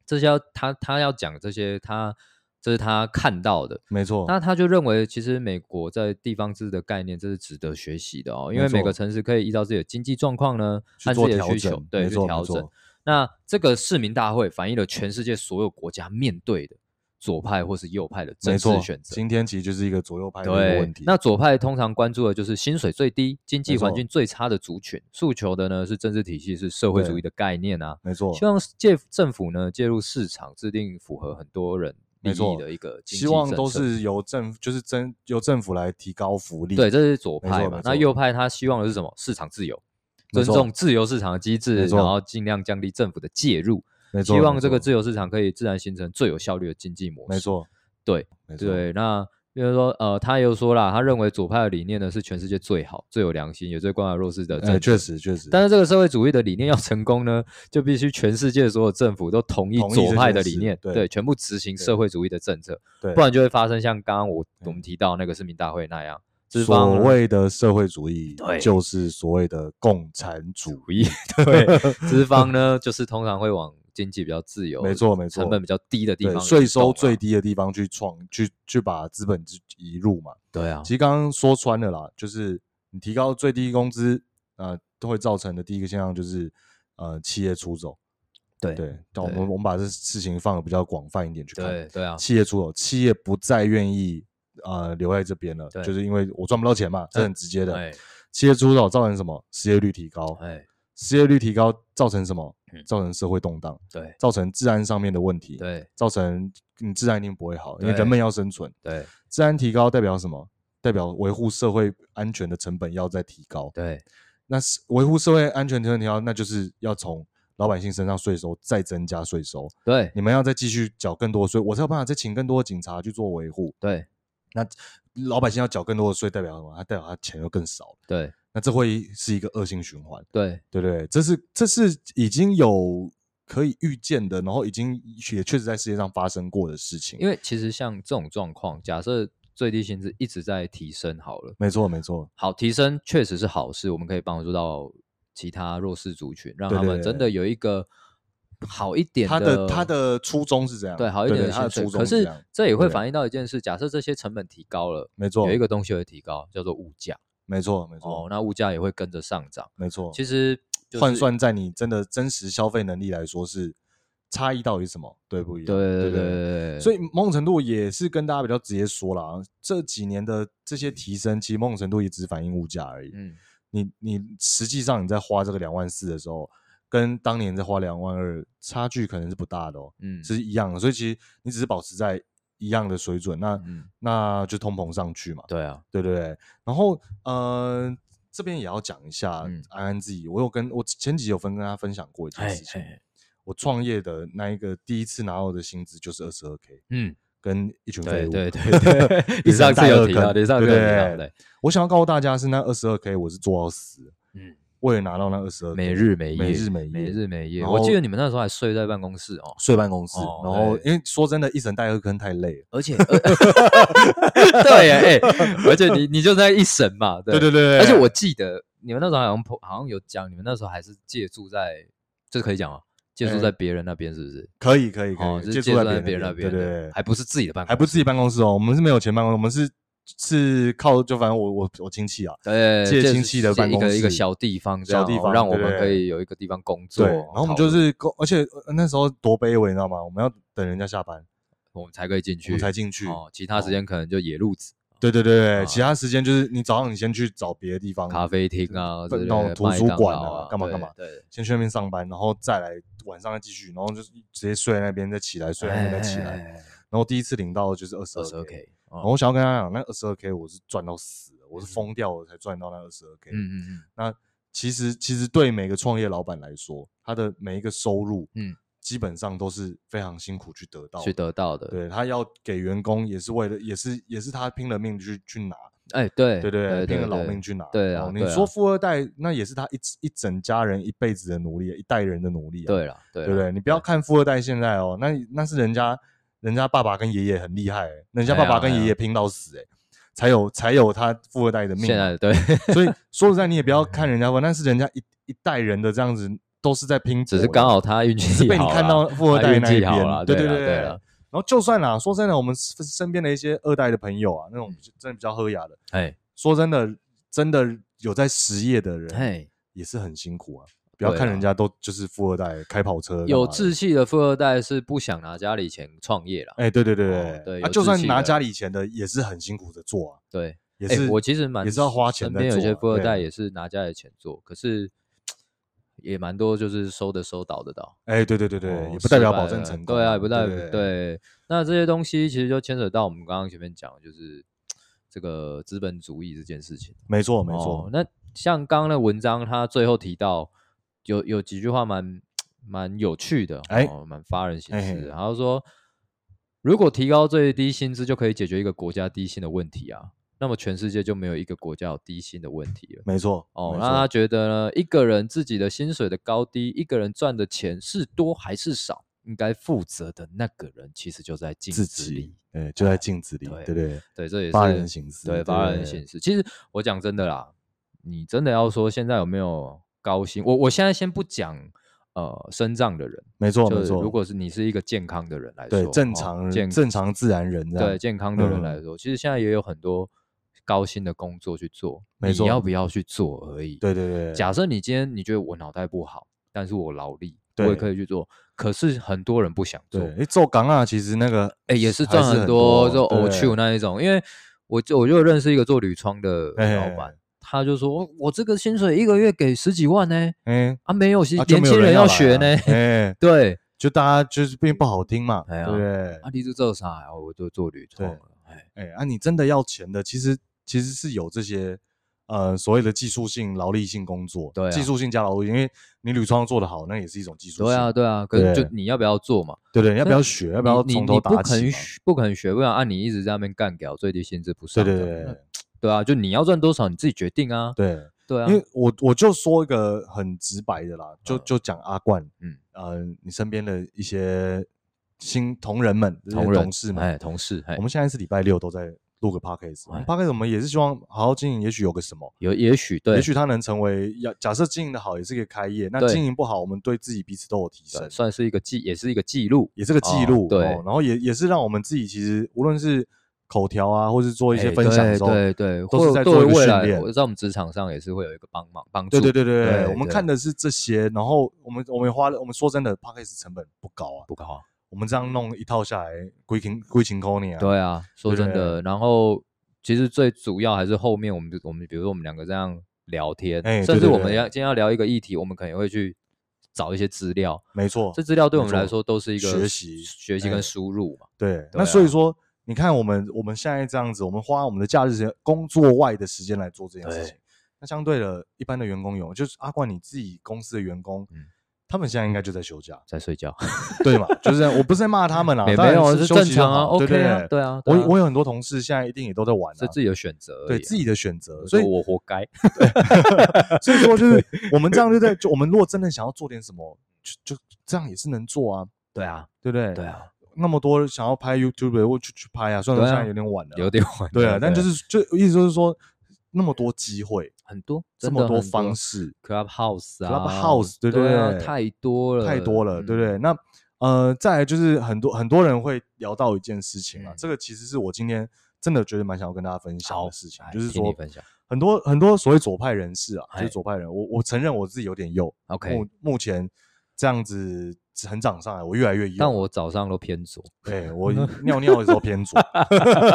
這些他他要講這些，他這是他看到的，沒錯。那他就認為，其實美國在地方自治的概念，這是值得學習的哦，因為每個城市可以依照自己的經濟狀況呢，按自己的需求，對，去調整。那這個市民大會反映了全世界所有國家面對的左派或是右派的政治選擇。今天其實就是一個左右派的問題。那左派通常關注的就是薪水最低、經濟環境最差的族群，訴求的呢是政治體系是社會主義的概念啊，沒錯。希望借政府呢介入市場，制定符合很多人利益的一個經濟政策，希望都是由政就是真由政府來提高福利。對，這是左派嘛。那右派他希望的是什麼？市場自由。尊重自由市場的機制，然後盡量降低政府的介入，希望這個自由市場可以自然形成最有效率的經濟模式。沒錯，對，對。那比如說，呃，他又說了，他認為左派的理念呢是全世界最好、最有良心，也最關懷弱勢的政策。對、哎，確實，確實。但是這個社會主義的理念要成功呢，就必須全世界所有政府都同意左派的理念，對，對，全部執行社會主義的政策，對，對，不然就會發生像剛剛我我們提到那個市民大會那樣。所謂的社會主義，對，就是所謂的共產主義對。對，資 方呢， 就是通常會往經濟比較自由，沒錯沒錯，成本比較低的地方，稅收最低的地方去創，去去把資本移入嘛。對，對啊，其實剛剛說穿了啦，就是你提高最低工資，呃，都會造成的第一個現象就是呃，企業出走。對對，對，我們我們把這事情放的比較廣泛一點去看對，對啊，企業出走，企業不再願意。呃，留在這邊了，就是因為我賺不到錢嘛，嗯、這很直接的。對，企業主導造成什麼？失業率提高，對，失業率提高造成什麼？造成社會動盪，對，造成治安上面的問題，對，造成你治安一定不會好，因為人們要生存，對，治安提高代表什麼？代表維護社會安全的成本要再提高，對，那是維護社會安全的成本提高，那就是要從老百姓身上稅收再增加稅收，對，你們要再繼續繳更多稅，我才有辦法再請更多的警察去做維護，對。那老百姓要繳更多的稅，代表什麼？他代表他錢又更少了。對，那這會是一個惡性循環。對，對對，對，這是這是已經有可以預見的，然後已經也確實在世界上發生過的事情。因為其實像這種狀況，假設最低薪資一直在提升，好了，沒錯沒錯，好提升確實是好事，我們可以幫助到其他弱勢族群，讓他們真的有一個對對對對。好一點的，他的他的初衷是這樣，對，好一點的對對對，他的初衷。可是這也會反映到一件事：假設這些成本提高了，沒錯，有一個東西會提高，叫做物價，沒錯沒錯、哦。那物價也會跟着上漲，沒錯。其實換、就是、算在你真的真實消費能力來說是，是差異到底是什麼？對，不一樣，對對對，對。所以某種程度也是跟大家比較直接說了啊，這幾年的這些提升，其實某種程度也只反映物價而已。嗯、你你實際上你在花這個兩萬四的時候。跟當年在花兩萬二，差距可能是不大的哦，嗯，是一樣的，所以其實你只是保持在一樣的水準，那、嗯、那就通膨上去嘛，對啊，對對、對。然後呃，這邊也要講一下、嗯、安安自己，我有跟我前幾集有分跟大家分享過一件事情，嘿嘿嘿我創業的那一個第一次拿到的薪資就是二十二 K，嗯，跟一群廢物， 對對對，臉上是有皮啊，臉上有皮啊，對，我想要告訴大家是那二十二 K 我是做到死。為了拿到那二十二，每日每夜，每日每夜，每日每夜。我記得你們那時候還睡在辦公室哦，睡辦公室。哦、然後，因為說真的，一神帶二坑太累了。而且， 對耶，哎、 欸，而且你你就在一神嘛對，對對對對。而且我記得你們那時候好像好像有講，你們那時候還是借住在，這可以講哦，借住在別人那邊是不是？欸、可以可以，可以，哦，是借住在別人那邊，對對，對，還不是自己的辦公，還不是自己辦公室哦，我們是沒有錢辦公室，我們是。是靠，就反正我我我親戚啊，對，對，對，借親戚的辦公一個一個小地方，小地方，讓我們可以有一個地方工作。對，對，對，對，對，然後我們就是，而且、呃、那時候多卑微，你知道嗎？我們要等人家下班，我們才可以進去，我們才進去。哦，其他時間可能就野路子。哦、對對對，對，啊，其他時間就是你早上你先去找別的地方，咖啡廳啊，或者圖書館啊，啊，幹嘛幹嘛。對，對，對，先去那邊上班，然後再來晚上再繼續，然後就直接睡那邊，再起來睡，那邊，再起來。起來哎、然後第一次領到就是二十二 K，二十 K。嗯、我想要跟他講，那二十二 K 我是賺到死，我是瘋掉了才賺到那二十二 K。嗯哼哼。那其實其實對每個創業老板來說，他的每一個收入，嗯，基本上都是非常辛苦去得到的去得到的。對他要給員工也是為了，也是也是他拼了命去去拿。哎、欸，對對對，拼了老命去拿。對、對、對、對啊，你說富二代，啊、那也是他一一整家人一輩子的努力、啊，一代人的努力、啊，對啦對啦。對對，對不對？你不要看富二代現在哦，那那是人家。人家爸爸跟爺爺很厲害、欸，人家爸爸跟爺爺拼到死、欸、哎，才有、哎、才有才有他富二代的命。現在對， 所以說實在你也不要看人家，但是人家一一代人的這樣子都是在拼，只是剛好他運氣好是被你看到富二代那一邊了。對、啊，對、啊，對、啊，然後就算啦、啊，說真的，我們身邊的一些二代的朋友啊，那種真的比較喝雅的，哎，說真的，真的有在實業的人，嘿也是很辛苦啊。不要看人家都就是富二代、啊、開跑車，有志氣的富二代是不想拿家裡錢創業啦。哎、欸，對對對、喔、對，啊，就算拿家裡錢的也是很辛苦的做啊。對，也是、欸、我其實蠻也是要花錢的、啊。有些富二代也是拿家裡錢做，可是也蠻多就是收的收倒的倒。哎、欸，對對對對、喔，也不代表保證成功、啊，對啊，也不代表對、對、對、對。那這些東西其實就牽扯到我們剛剛前面講的，就是這個資本主義這件事情。沒錯沒錯、喔。那像剛剛的文章，他最後提到。有有幾句話蠻蠻有趣的，哎、欸，蠻、哦、發人深思的。然後說，如果提高最低薪資就可以解決一個國家低薪的問題啊，那麼全世界就沒有一個國家有低薪的問題了。沒錯，哦，讓他覺得呢，一個人自己的薪水的高低，一個人賺的錢是多還是少，應該負責的那個人其實就在鏡子裡，哎，就在鏡子裡，對，對對對，對，這也是發人深思，對，發人深思。其實我講真的啦，你真的要說現在有沒有？高薪，我我現在先不講，呃，身障的人，沒錯沒錯。就是、如果是你是一個健康的人來說，正常、哦、健正常自然人，對健康的人來說、嗯，其實現在也有很多高薪的工作去做，你要不要去做而已。對對對。假設你今天你覺得我腦袋不好，但是我勞力，我也可以去做。可是很多人不想做。做鋼啊，其實那個哎，也是賺很多，欸、是很多做 OQ 那一種，因為我我就認識一個做鋁窗的老板。他就說：“我這個薪水一個月給十幾萬呢、欸，嗯、欸、啊，沒有年輕人要學呢、欸，嗯、啊啊、 對，就大家就是並不好聽嘛，欸對，啊、對，啊，你是做啥呀、啊？我就做鋁窗對哎哎、欸欸，啊，你真的要錢的，其實其實是有這些呃所謂的技術性、勞力性工作，對、啊，技術性加勞力，因為你鋁窗做得好，那也是一種技術，對啊，對啊，可是就你要不要做嘛對對對對？對對對？要不要學？要不要從頭打起不？不肯學，不肯學，不然啊，你一直在那邊幹掉，最低薪資不是？對對對，對，對。”對啊，就你要賺多少你自己決定啊。對，對啊，因為我我就說一個很直白的啦，嗯、就就講阿冠，嗯呃，你身邊的一些新同仁們，同仁，是不是同事們同事，同事，我們現在是禮拜六都在錄個 Podcast，、哎、我們 Podcast 我們也是希望好好經營，也許有個什麼，有也許，對，也許他能成為要假設經營的好，也是可以開業。那經營不好，我們對自己彼此都有提升，算是一個記，也是一個記錄，也是個記錄、哦，對、哦。然後也也是讓我們自己其實無論是。口條啊，或是做一些分享的時候，欸、對，對對，或者在做一個訓練，在我，我們職場上也是會有一個幫忙幫助。對對對，我們看的是這些，然後我們我們花了，我們說真的，podcast 成本不高啊，不高。啊。我們這樣弄一套下來，歸情歸情扣你啊。對啊，說真的，對對對，然後其實最主要還是後面我，我們我們比如說我們兩個這樣聊天，欸、甚至我們要對對對對對今天要聊一個議題，我們可能會去找一些資料。沒錯，這資料對我們來說都是一個學習、學習跟輸入嘛。欸、對，對、啊，那所以說。你看我們，我們現在這樣子，我們花我們的假日時間、工作外的時間來做這件事情。那相對的，一般的員工有，就是阿冠、啊、你自己公司的員工、嗯，他們現在應該就在休假，在睡覺，對嘛？就是這樣，我不是在罵他們啊，也、嗯、沒，沒有，是正常啊，OK，對，對，對，、啊對，啊、對啊。我我有很多同事現在一定也都在玩、啊，是自己的選擇、啊，對自己的選擇，所以我活該。所以，對、啊、 所以說，就是我們這樣就在就，我們如果真的想要做點什麼就，就這樣也是能做啊。對啊，對不對？對啊。那麼多想要拍 YouTube 的，我去去拍啊。算了，現在有點晚了，啊、有點晚了，對啊。但就是就意思就是說，那麼多機會，很多，這麼多方式多，Clubhouse 啊，Clubhouse，對對對，對、啊，太多了，太多了，嗯、對不對，對？那呃，再來就是很多很多人會聊到一件事情啊、嗯，這個其實是我今天真的覺得蠻想要跟大家分享的事情，哦、就是說，很多很多所謂左派人士啊，就是左派人，我我承認我自己有點右，OK，目目前這樣子。很長上來，我越來越右，但我早上都偏左，欸、我尿尿的時候偏左、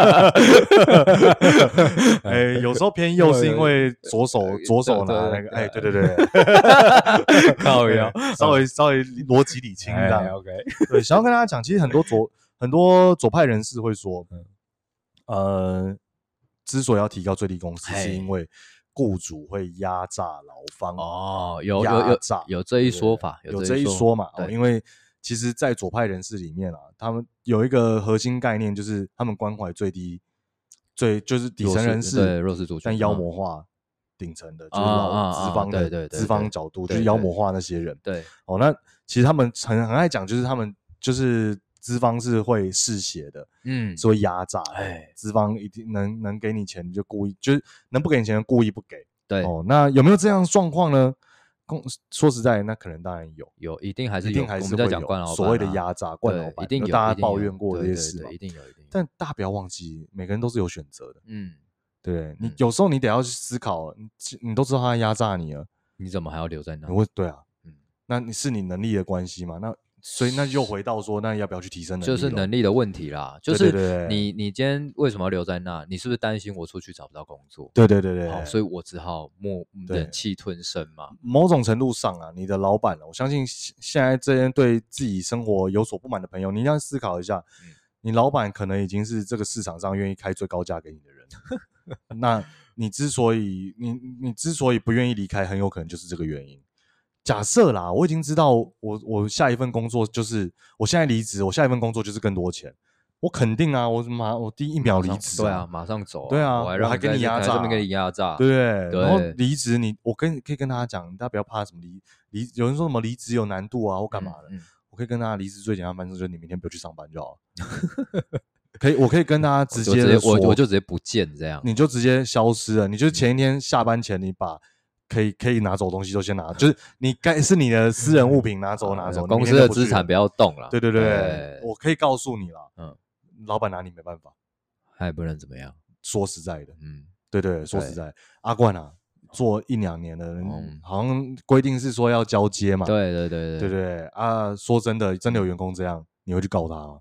欸，有時候偏右，是因為左手 左手拿那個，哎、欸，對對對，對，看我一樣，稍微稍微邏輯理清一下、 欸、OK， 對，想要跟大家講，其實很多左很多左派人士會說，呃，之所以要提高最低工資，是因為。雇主會壓榨勞方哦，有有有有這一說法，有這一說，有這一說嘛？哦、因為其實，在左派人士裡面啊，他們有一個核心概念，就是他們關懷最低、最就是底層人士、對弱勢族群，但妖魔化頂層的、啊，就是老資方的，資方角度、啊啊、對對對就是、妖魔化那些人。對，對，對，哦，那其實他們很很愛講，就是他們就是。資方是會嗜血的，嗯，所以壓榨的。哎、欸，資方一定能能給你錢，就故意就是能不給你錢，故意不給。對哦，那有沒有這樣狀況呢？公說實在，那可能當然有，有一定還是有，一定還是講慣老闆、啊、所謂的壓榨，慣老闆對一定有大家抱怨過這些事對對對，一定有，一定有。但大家不要忘記，每個人都是有選擇的。嗯，對你有時候你得要去思考你，你都知道他壓榨你了，你怎麼還要留在那兒？對啊，嗯，那你是你能力的關係嘛？那。所以那就回到說，那要不要去提升能力？就是能力的問題啦。就是你對對對對，你今天為什麼要留在那？你是不是擔心我出去找不到工作？對對對對。好，所以我只好默忍氣吞聲嘛。某種程度上啊，你的老板，我相信現在這邊對自己生活有所不滿的朋友，你要思考一下、嗯，你老板可能已經是這個市場上願意開最高價給你的人了。 那你之所以你你之所以不願意離開，很有可能就是這個原因。假設啦，我已經知道我我下一份工作就是我現在離職，我下一份工作就是更多錢。我肯定啊，我馬我第一,一秒離職，對啊，馬上走，對啊，我還，你還給你壓榨、啊，給你壓榨、啊，對對。然後離職，你我跟可，可以跟大家講，大家不要怕什麼離離，有人說什麼離職有難度啊，或幹嘛的、嗯嗯。我可以跟大家離職最簡單的方式就是你明天不要去上班就好了。 可以，我可以跟大家直，直接，我我就直接不見這樣，你就直接消失了，你就前一天下班前你把。.可以可以拿走東西就先拿，就是你該是你的私人物品拿走拿走，嗯嗯啊，公司的資產不要動了。對對對，對，對，對，對，對對對，我可以告訴你了，嗯，老闆拿、啊、你沒辦法，他也不能怎麼樣。說實在的，嗯，對對，說實在，阿冠啊，做一兩年的，嗯，好像規定是說要交接嘛。對對對對對對，對，對，對啊！說真的，真的有員工這樣，你會去告他嗎？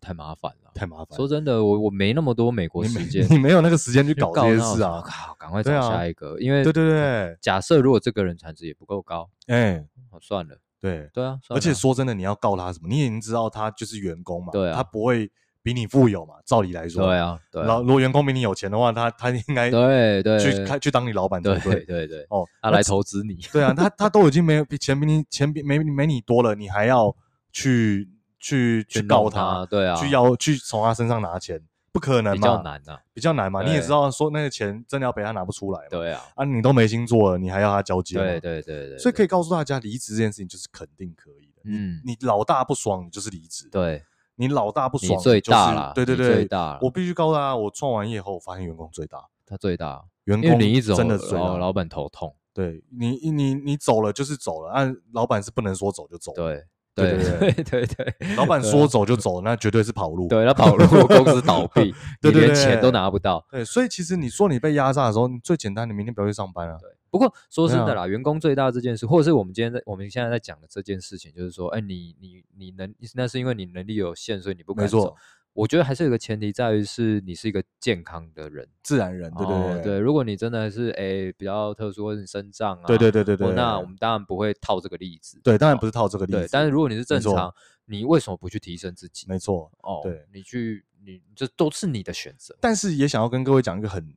太麻煩了。太麻煩，說真的，我我沒那麼多美國時間，你沒有那個時間去搞這些事啊！我靠，趕快找下一個，啊、因為對對對，假設如果這個人產值也不夠高，哎、欸哦，算了，對對啊，而且說真的，你要告他什麼？你已經知道他就是員工嘛，對、啊、他不會比你富有嘛，照理來說，對啊，對啊，然後如果員工比你有錢的話，他他應該對、啊、對對、對去去當你老板，對對對，對對對，哦，他來投資你， 對啊，他他都已經沒有比錢比你錢比沒沒你多了，你還要去？去去告他，去他，對啊，去要去從他身上拿錢，不可能嘛，比較難啊，比較難嘛。你也知道，說那個錢真的要被他拿不出來嘛，對啊，啊，你都沒心做了，你還要他交接？對對對，對，對，對。所以可以告訴大家，離職這件事情就是肯定可以的。嗯，你老大不爽，你就是離職。對，你老大不爽，就是，你最大啦。對對對，最大。我必須告訴大家，我創完業後我發現員工最大，他最大。員工離職真的，哦、老闆頭痛。對，你你你，你走了就是走了，按、啊、老闆是不能說走就走了。對。對對對對對，老板說走就走，那絕對是跑路。 對，那跑路， 公司倒閉 對對對對，你連錢都拿不到。對，所以其實你說你被壓榨的時候，你最簡單，你明天不要去上班了、啊。對，不過說真的啦，啊、員工最大的這件事，或者是我們今天在我們現在在講的這件事情，就是說，哎、欸，你你你能，那是因為你能力有限，所以你不可以走。沒錯。我覺得還是有一個前提在於是，你是一個健康的人，自然人，對對對。哦，對，如果你真的是哎比較特殊，或者是你身障啊，對對對對對，對，對，對，哦，那我們當然不會套這個例子。對，當然不是套這個例子。但是如果你是正常，你為什麼不去提升自己？沒錯，哦，對，你去，你這都是你的選擇。但是也想要跟各位講一個很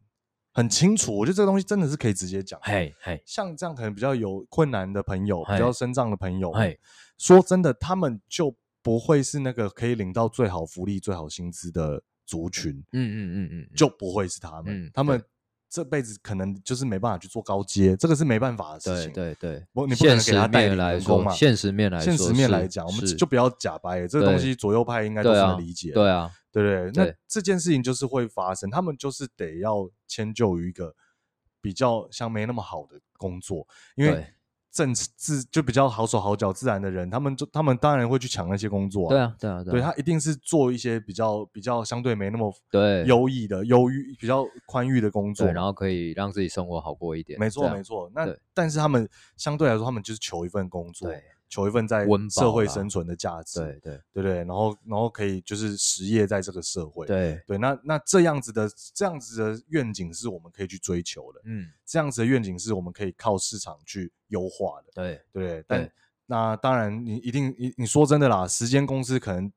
很清楚，我覺得這個東西真的是可以直接講。嘿嘿，像這樣可能比較有困難的朋友，比較身障的朋友，哎，說真的，他們就。不會是那個可以領到最好福利、最好薪資的族群，嗯嗯嗯嗯，就不會是他們、嗯。他們這輩子可能就是沒辦法去做高階，這個是沒辦法的事情。對對對，不，你不可能給他帶來成功嘛。現實面來說，現實面來講，我們就不要假掰。這個東西左右派應該都是能理解。對啊，對啊對，對不對？那這件事情就是會發生，他們就是得要遷就於一個比較像沒那麼好的工作，因為。正，自，就比較好手好腳自然的人，他們就他們當然會去搶那些工作啊。對啊，對啊，對，啊。對他一定是做一些比較比較相對沒那麼對優異的優裕比較寬裕的工作。對，然後可以讓自己生活好過一點。沒錯，沒錯，啊。那但是他們相對來說，他們就是求一份工作。對求一份在社會生存的價值，啊、對對對，對，對，對，然後然後可以就是實業在這個社會，對對。那那這樣子的這樣子的願景是我們可以去追求的，嗯，這樣子的願景是我們可以靠市場去優化的，對對，對。但對那當然，你一定你你說真的啦，十間公司可能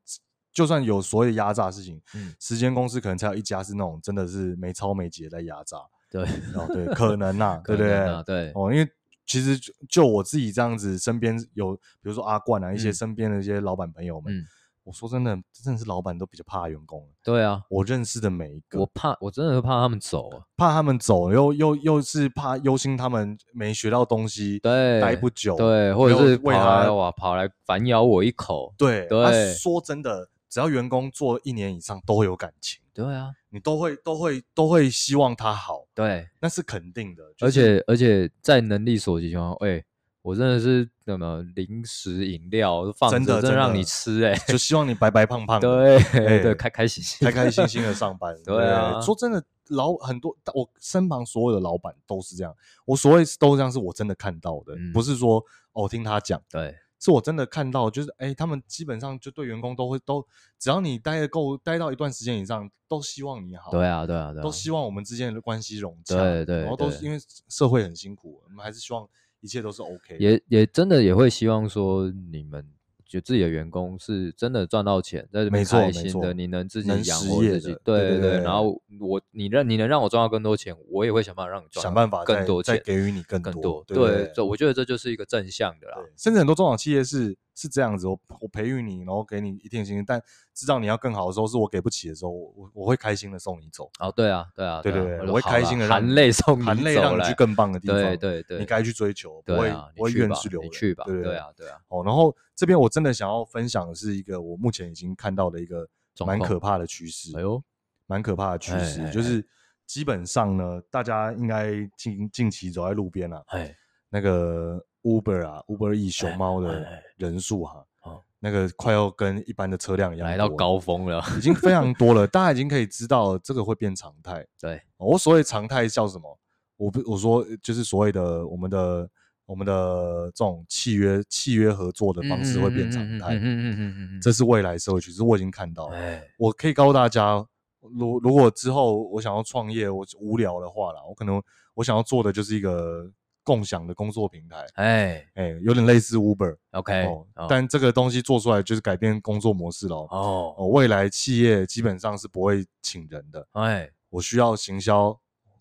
就算有所謂的壓榨事情，嗯，十間公司可能才有一家是那種真的是沒超沒節在壓榨，對哦對 可、啊，可能吶、啊，對，對，啊，對哦，因為。其實就我自己這樣子身，身邊有比如說阿冠啊，一些身邊的一些老闆朋友們、嗯嗯，我說真的，真的是老闆都比較怕員工，對啊，我認識的每一個，我怕，我真的怕他們走、啊，怕他們走，又又又是怕憂心他們沒學到東西，對，待不久，對，或者是未來為他哇，跑來反咬我一口，對，他、啊、說真的。只要員工做一年以上，都會有感情。對啊，你都會、都會、都會希望他好。對，那是肯定的。就是、而且、而且在能力所及，希、欸、哎，我真的是什麼零食飲料放着，真的、真的讓你吃哎、欸，就希望你白白胖胖的，對、欸，對，開開心心、開開心心的上班。 對啊，對，說真的，老很多我身旁所有的老闆都是這樣，我所謂都是這樣，是我真的看到的，嗯、不是說哦我聽他講。對。是我真的看到，就是哎、欸，他們基本上就對員工都會都，只要你待得夠待到一段時間以上，都希望你好。對啊，對啊，對啊，都希望我們之間的關係融洽。對對，對對，然後都是因為社會很辛苦，我們還是希望一切都是 OK。也也真的也會希望說你們。就自己的員工是真的賺到錢，在這邊開心的，你能自己養活自己。對對對，對。然後我你讓你能讓我賺到更多錢，我也會想辦法讓你賺想辦法更多錢，再給予你更多。對，對，這我覺得這就是一個正向的啦。甚至很多中小企業是，是這樣子，我我培育你，然後給你一定信心，但知道你要更好的時候，是我給不起的時候，我我，我會開心的送你走。哦，對啊，對啊，對啊對對，對我，我會開心的含淚送你走，含淚讓你去更棒的地方。對對對，對，你該去追求，啊、不會，不會願意去吧，對啊對啊，對啊。然後這邊我真的想要分享的是一個我目前已經看到的一個蠻可怕的趨勢。哎蠻可怕的趨勢哎哎哎，就是基本上呢，大家應該近近期走在路邊了、啊哎。那個。Uber 啊，Uber Eats 熊貓的人數哈、啊哎哎哎，那個快要跟一般的車輛一樣，來到高峰了， 已經非常多了。大家已經可以知道，這個會變常態。對，我所謂常態叫什麼？我不，我說就是所謂的我們的我們的這種契約契約合作的方式會變常態。嗯嗯嗯嗯，這是未來社會趨勢，我已經看到了。我可以告訴大家，如如果之後我想要創業，我無聊的話啦，我可能我想要做的就是一個。共享的工作平台，哎哎、欸，有點類似 Uber，OK，、okay, 哦哦、但這個東西做出來就是改變工作模式咯、哦。哦，未來企業基本上是不會請人的，哎，我需要行銷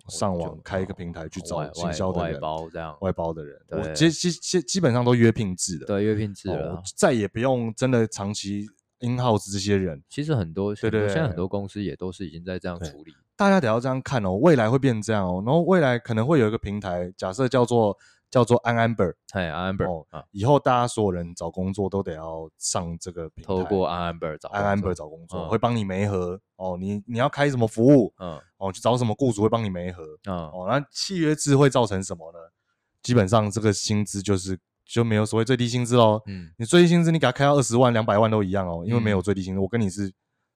上網開一個平台去找行銷的人、哦外，外包這樣，外包的人，我基基基基本上都約聘制的，對，約聘制了，哦、我再也不用真的長期 in house 這些人。其實很多對,對對，現在很多公司也都是已經在這樣處理。大家得要這樣看哦，未來會變這樣哦，然後未來可能會有一個平台，假設叫做叫做安安伯，哎，安安伯，、哦、以後大家所有人找工作都得要上這個平台，透過安安伯找安安伯找工作，安安工作嗯、會幫你媒合哦，你你要開什麼服務，嗯，哦，去找什麼雇主會幫你媒合，啊、嗯，哦，那契約制會造成什麼呢？基本上這個薪資就是就沒有所謂最低薪資咯，嗯，你最低薪資你給他開二十萬兩百萬都一樣哦，因為沒有最低薪資，嗯、我跟你是。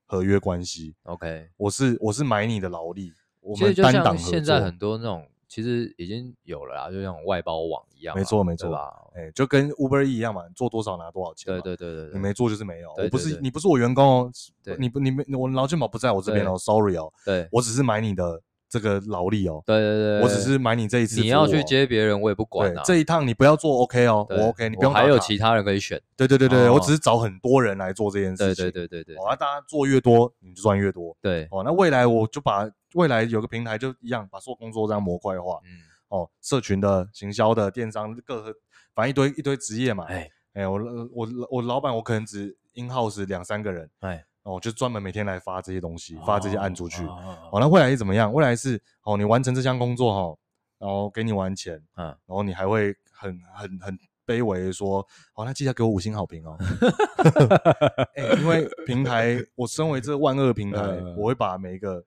合約關係，OK，我是我是買你的勞力，我們單檔就像現在很多那種，其實已經有了啊，就像外包網一樣，沒錯沒錯，哎、欸，就跟 Uber、e、一樣嘛，做多少拿多少錢嘛，對對，對對對對，你沒做就是沒有，對對對對，我不是你不是我員工哦，對對對你不你沒，我勞健保不在我這邊哦，Sorry 哦，對我只是買你的。這個勞力哦，對,對對對，我只是買你這一次、哦。你要去接別人，我也不管、啊對。這一趟你不要做，OK 哦，我 OK，你不用。還有其他人可以選。對對對對,對、啊哦，我只是找很多人來做這件事情。對對對對對,對，哦啊、大家做越多對對，你就賺越多。對，哦，那未來我就把未來有個平台就一樣，把做工作這樣模塊化。嗯，哦，社群的、行銷的、電商各個，反正一堆一堆職業嘛。哎哎，我我我老板，我可能只 in house 兩三個人。哎。哦，就專門每天來發這些東西，哦、發這些案出去哦哦。哦，那未來是怎麼樣？未來是哦，你完成這項工作哈，然後給你完錢，嗯，然後你還會很很很卑微的說，哦，那記得給我五星好評哦。 欸、因為平台， 我身為這萬惡平台、嗯，我會把每一個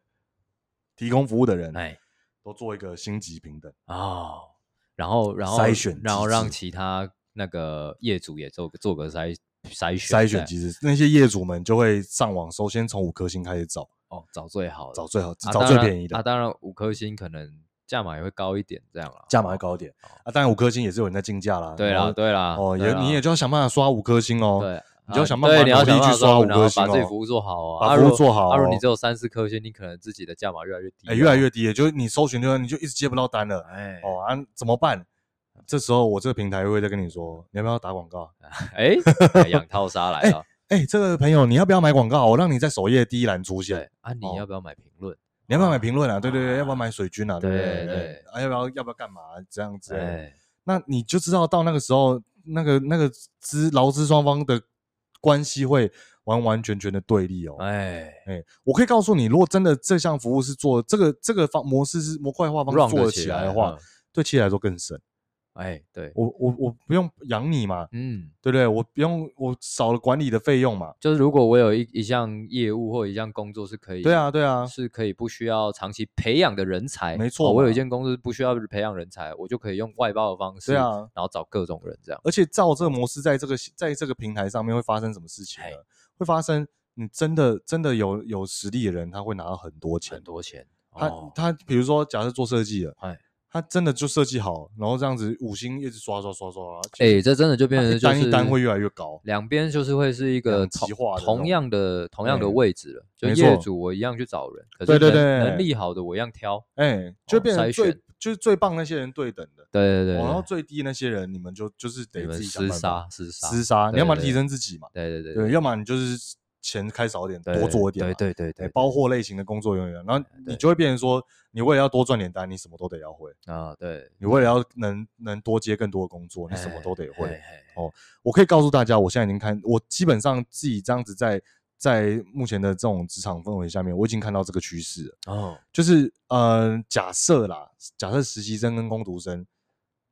提供服務的人，哎，都做一個星級評等啊、哎哦，然後然後篩選，然後讓其他那個業主也做個做個篩。篩選篩選，選其實那些業主們就會上網搜，先從五顆星開始找哦，找最好的，找最好，啊、找最便宜的。那、啊、當然，五、啊、顆星可能價碼也會高一點，這樣啊，價碼會高一點。哦、啊，當然五顆星也是有人在競價啦。對啦，對啦，哦，也你也就要想辦法刷五顆星哦、喔。對，你就要想辦法、喔、對你要去刷五顆星，把自己服務做好哦、啊，把服務做好、啊。假、啊啊、如、啊、如你只有三四顆星，你可能自己的價碼越來越低，哎、欸，越來越低、欸，就是你搜尋就你就一直接不到單了，哎、欸欸，哦，啊，怎麼辦？這時候我這個平台會再跟你說，你要不要打廣告？哎，養套殺來了！哎，這個朋友，你要不要買廣告？我讓你在首頁第一欄出現對啊！你要不要買評論、哦？你要不要買評論啊？啊對對對，要不要買水軍啊要要？對對對，啊要不要要不要幹嘛？這樣子、哎，那你就知道到那個時候，那個那個資勞資雙方的關係會完完全全的對立哦。哎哎，我可以告訴你，如果真的這項服務是做這個這個方模式是模塊化方式做起來的話，嗯、對企業來，來說更省。哎，對，我我我不用養你嘛，嗯，對不對，我不用我少了管理的費用嘛，就是如果我有一一項業務或一項工作是可以，對啊對啊，是可以不需要長期培養的人才，沒錯、哦，我有一間工作是不需要培養人才，我就可以用外包的方式，對啊，然後找各種人這樣，而且造這個模式，在這個在這個平台上面會發生什麼事情呢？哎、會發生，你真的真的有有實力的人，他會拿到很多錢，很多錢，哦、他他比如說，假設做設計的，哎。他真的就設計好，然後這樣子五星一直刷刷刷刷啊。哎、欸，這真的就變成單一單會越來越高，兩邊就是會是一個同同樣的同樣的位置了，欸，就業主我一樣去找人可，對對對，能力好的我一樣挑，哎、欸，就變成最，哦，就是最棒那些人對等的，對對對，然後最低那些人你們就就是得自己廝殺廝殺，你要麼提升自己嘛，對對對對，對，對，要麼你就是。錢開少一點，多做一點、啊。對對對對，對，包貨類型的工作人員，然後你就會變成說，你為了要多賺點單，你什麼都得要會啊。對，你為了要能、嗯、能多接更多的工作，你什麼都得會。哦，我可以告訴大家，我現在已經看，我基本上自己這樣子在在目前的這種職場氛圍下面，我已經看到這個趨勢了。哦，就是呃，假設啦，假設實習生跟工讀生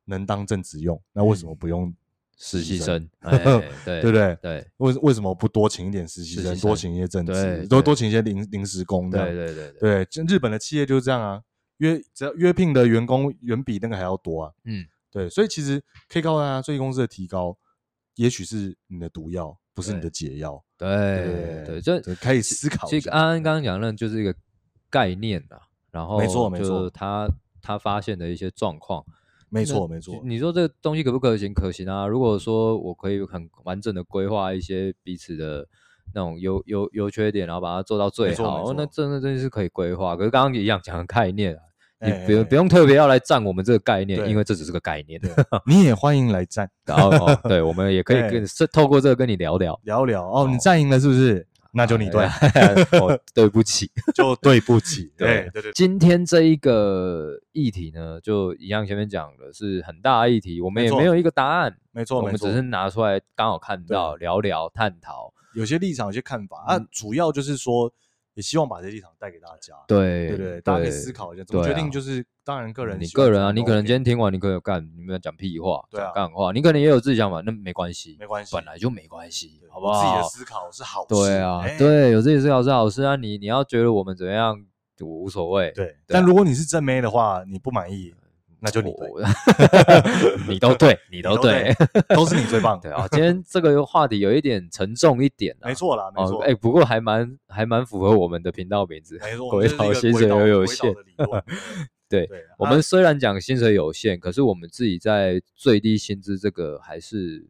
能當正職用，那為什麼不用、嗯？實習生，習生哎、呵呵，對對不對？對，為為什麼不多請一點實習生，習生多請一些正職，多多請一些臨臨時工這樣？對對對對，對，對，日本的企業就是這樣啊，約只要約聘的員工遠比那個還要多啊。嗯，對，所以其實可以告訴大家，最低工資的提高，也許是你的毒藥，不是你的解藥。對對，這可以思考。其實安安剛剛講的就是一個概念啊，嗯、然後就是沒錯，沒錯他他發現的一些狀況。沒錯沒錯，你說這個東西可不可行？可行啊！如果說我可以很完整的規劃一些彼此的那種優優優缺點，然後把它做到最好，哦哦、那這那真的是可以規劃。可是剛剛一樣講概念，欸欸欸你不不用特別要來戰我們這個概念，因為這只是個概念， 你也歡迎來戰。 然後、哦，對，我們也可以跟、欸、透過這個跟你聊聊聊聊。哦，哦你戰贏了是不是？那就你對、啊，哦，對不起， 就對不起，對對對，對。今天這一個議題呢，就一樣前面講的是很大的議題，我們也沒有一個答案，沒錯，我們只是拿出來剛好看到聊聊探討，有些立場，有些看法，那、嗯、主要就是說。也希望把這些立場帶給大家。對。對對對，大家可以思考一下。我決定就是，啊、當然個人你個人啊，你可能今天聽完，你可能幹你們講屁話，講幹、啊、話，你可能也有自己想法，那沒關係，沒關係，本來就沒關係，好不好？自己的思考是好事。對啊，欸欸對，有自己的思考是好事啊。你你要覺得我們怎麼樣，我無所謂、啊。對，但如果你是正妹的話，你不滿意。那就你，oh, 你都對， 你都對， 都，對 都是你最棒。的。 啊，今天這個話題有一點沉重一點、啊、沒錯啦。啊、沒錯、欸。不過還蠻還蠻符合我們的頻道名字，鬼島薪水有限。對、啊，我們雖然講薪水有限，可是我們自己在最低薪資這個還是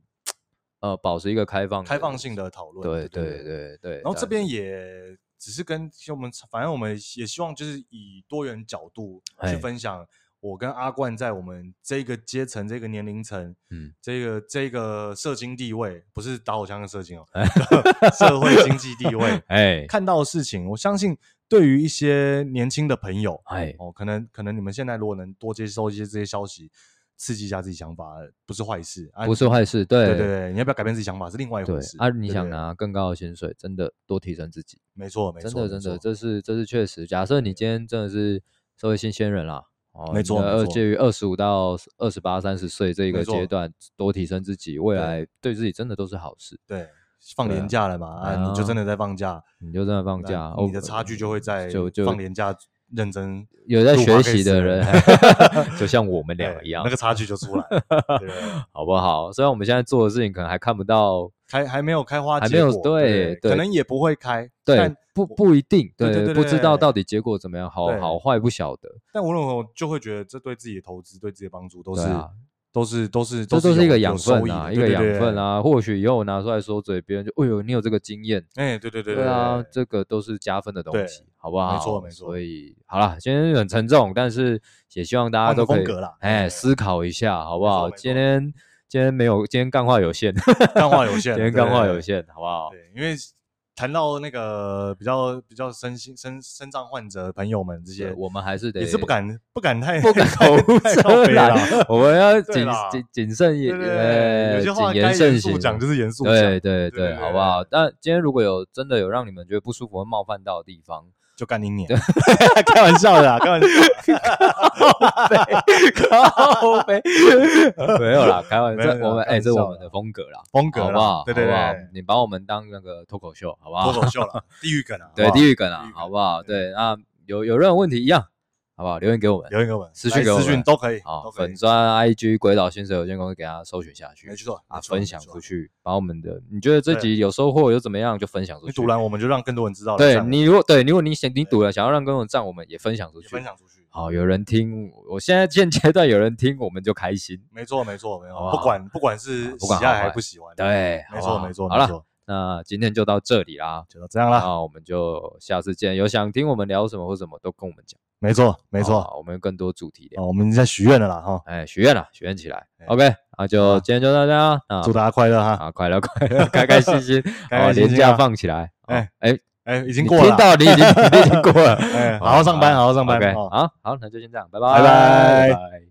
呃保持一個開放開放性的討論。對，對對對對。然後這邊也只是跟我們，反正我們也希望就是以多元角度去分享。我跟阿冠在我們這個階層、這個年齡層、嗯，這個這個社經地位，不是打火槍的社經哦，哎、 社會經濟地位，哎，看到的事情，我相信對於一些年輕的朋友，嗯、哎，哦，可能可能你們現在如果能多接收一些這些消息，刺激一下自己想法，不是壞事，啊、不是壞事，對對對，對，你要不要改變自己想法是另外一回事，對對啊，你想拿更高的薪水，真的多提升自己，沒錯，沒錯，真的真的這是這是確實，假設你今天真的是社會新鮮人啦。哦、沒錯，呃，介於二十五到二十八、三十歲這一個階段，多提升自己，未來對自己真的都是好事。對，對放年假了嘛啊？啊，你就真的在放假，你就真的放假，你的差距就會在、嗯、廉就就放年假。認真有在學習的人， 就像我們倆一樣，那個差距就出來了， 好不好？雖然我們現在做的事情可能還看不到，開還沒有開花結果，還沒有對，對，對，可能也不會開，但不不一定，對，對，對，對，對，不知道到底結果怎麼樣，好好壞不曉得。但無論如何，就會覺得這對自己的投資，對自己的幫助都是。都是都是,都是，這都是一個養分啊，一個養分啊。對對對對或許以後拿出來說嘴，別人就，哦、哎、呦，你有這個經驗。哎，對對對,對，對啊，這個都是加分的東西，好不好？沒錯沒錯。所以，好了，今天很沉重，但是也希望大家都可以哎、啊欸、思考一下，好不好？今天今天沒有，今天幹話有限，幹話有限， 今天幹話有限，對對對對好不好？對，因為。談到那個比較比較身心身身障患者朋友們這些，我們還是得也是不敢不敢太不敢 太不杯悲了， 我們要謹謹謹慎，謹言慎行，有些話該嚴肅講就是嚴肅講，對對對，對對對，好不好？但今天如果有真的有讓你們覺得不舒服、會冒犯到的地方，就幹你攆，開玩笑的啦， 開玩笑。可好可悲，沒有啦，開玩笑，我們哎、欸，這是我們的風格啦，風格好不好？對對對好不好？對對對。你把我們當那個脫口秀，好不好？脫口秀啦。地獄梗啊，對地獄梗啊，好不好？對，那有有任何問題一樣。好不好？留言給我們，留言給我們，私訊給我們，私訊都可以好，可以粉專、IG 鬼、鬼島薪水有限公司給大家搜尋下去，沒錯啊沒，分享出去，把我們的你覺得這集有收穫有怎麼樣就分享出去。你賭了，我們就讓更多人知道。對你如果對，如果你想你賭了，想要讓更多人讚，我們也分享出去，也分享出去。好，有人聽，我現在現階段有人聽，我們就開心。沒錯，沒錯，沒錯，不管不管是喜愛還是不喜歡，對，沒錯，沒錯，好了。沒那今天就到這裡啦，就到這樣啦。好、啊，我們就下次見。有想聽我們聊什麼或什麼都跟我們講。沒錯、啊，沒錯、啊，我們更多主題的、啊。我們已經在許願了啦,哈、哦！哎、欸，許願了，許願起來。欸、OK，那、啊、就今天就到這啦，祝大家快樂哈，啊，快樂快樂 開開心心，開開心心、啊，好、啊、年假放起來。哎、啊、哎、欸欸欸已、欸、已經過了，欸、你、聽到你已經你已經過了，欸、好好上班、啊，好好上班。OK，好、好、好、好、好、好、好、好，那就先這樣，拜拜拜拜。Bye bye bye bye bye bye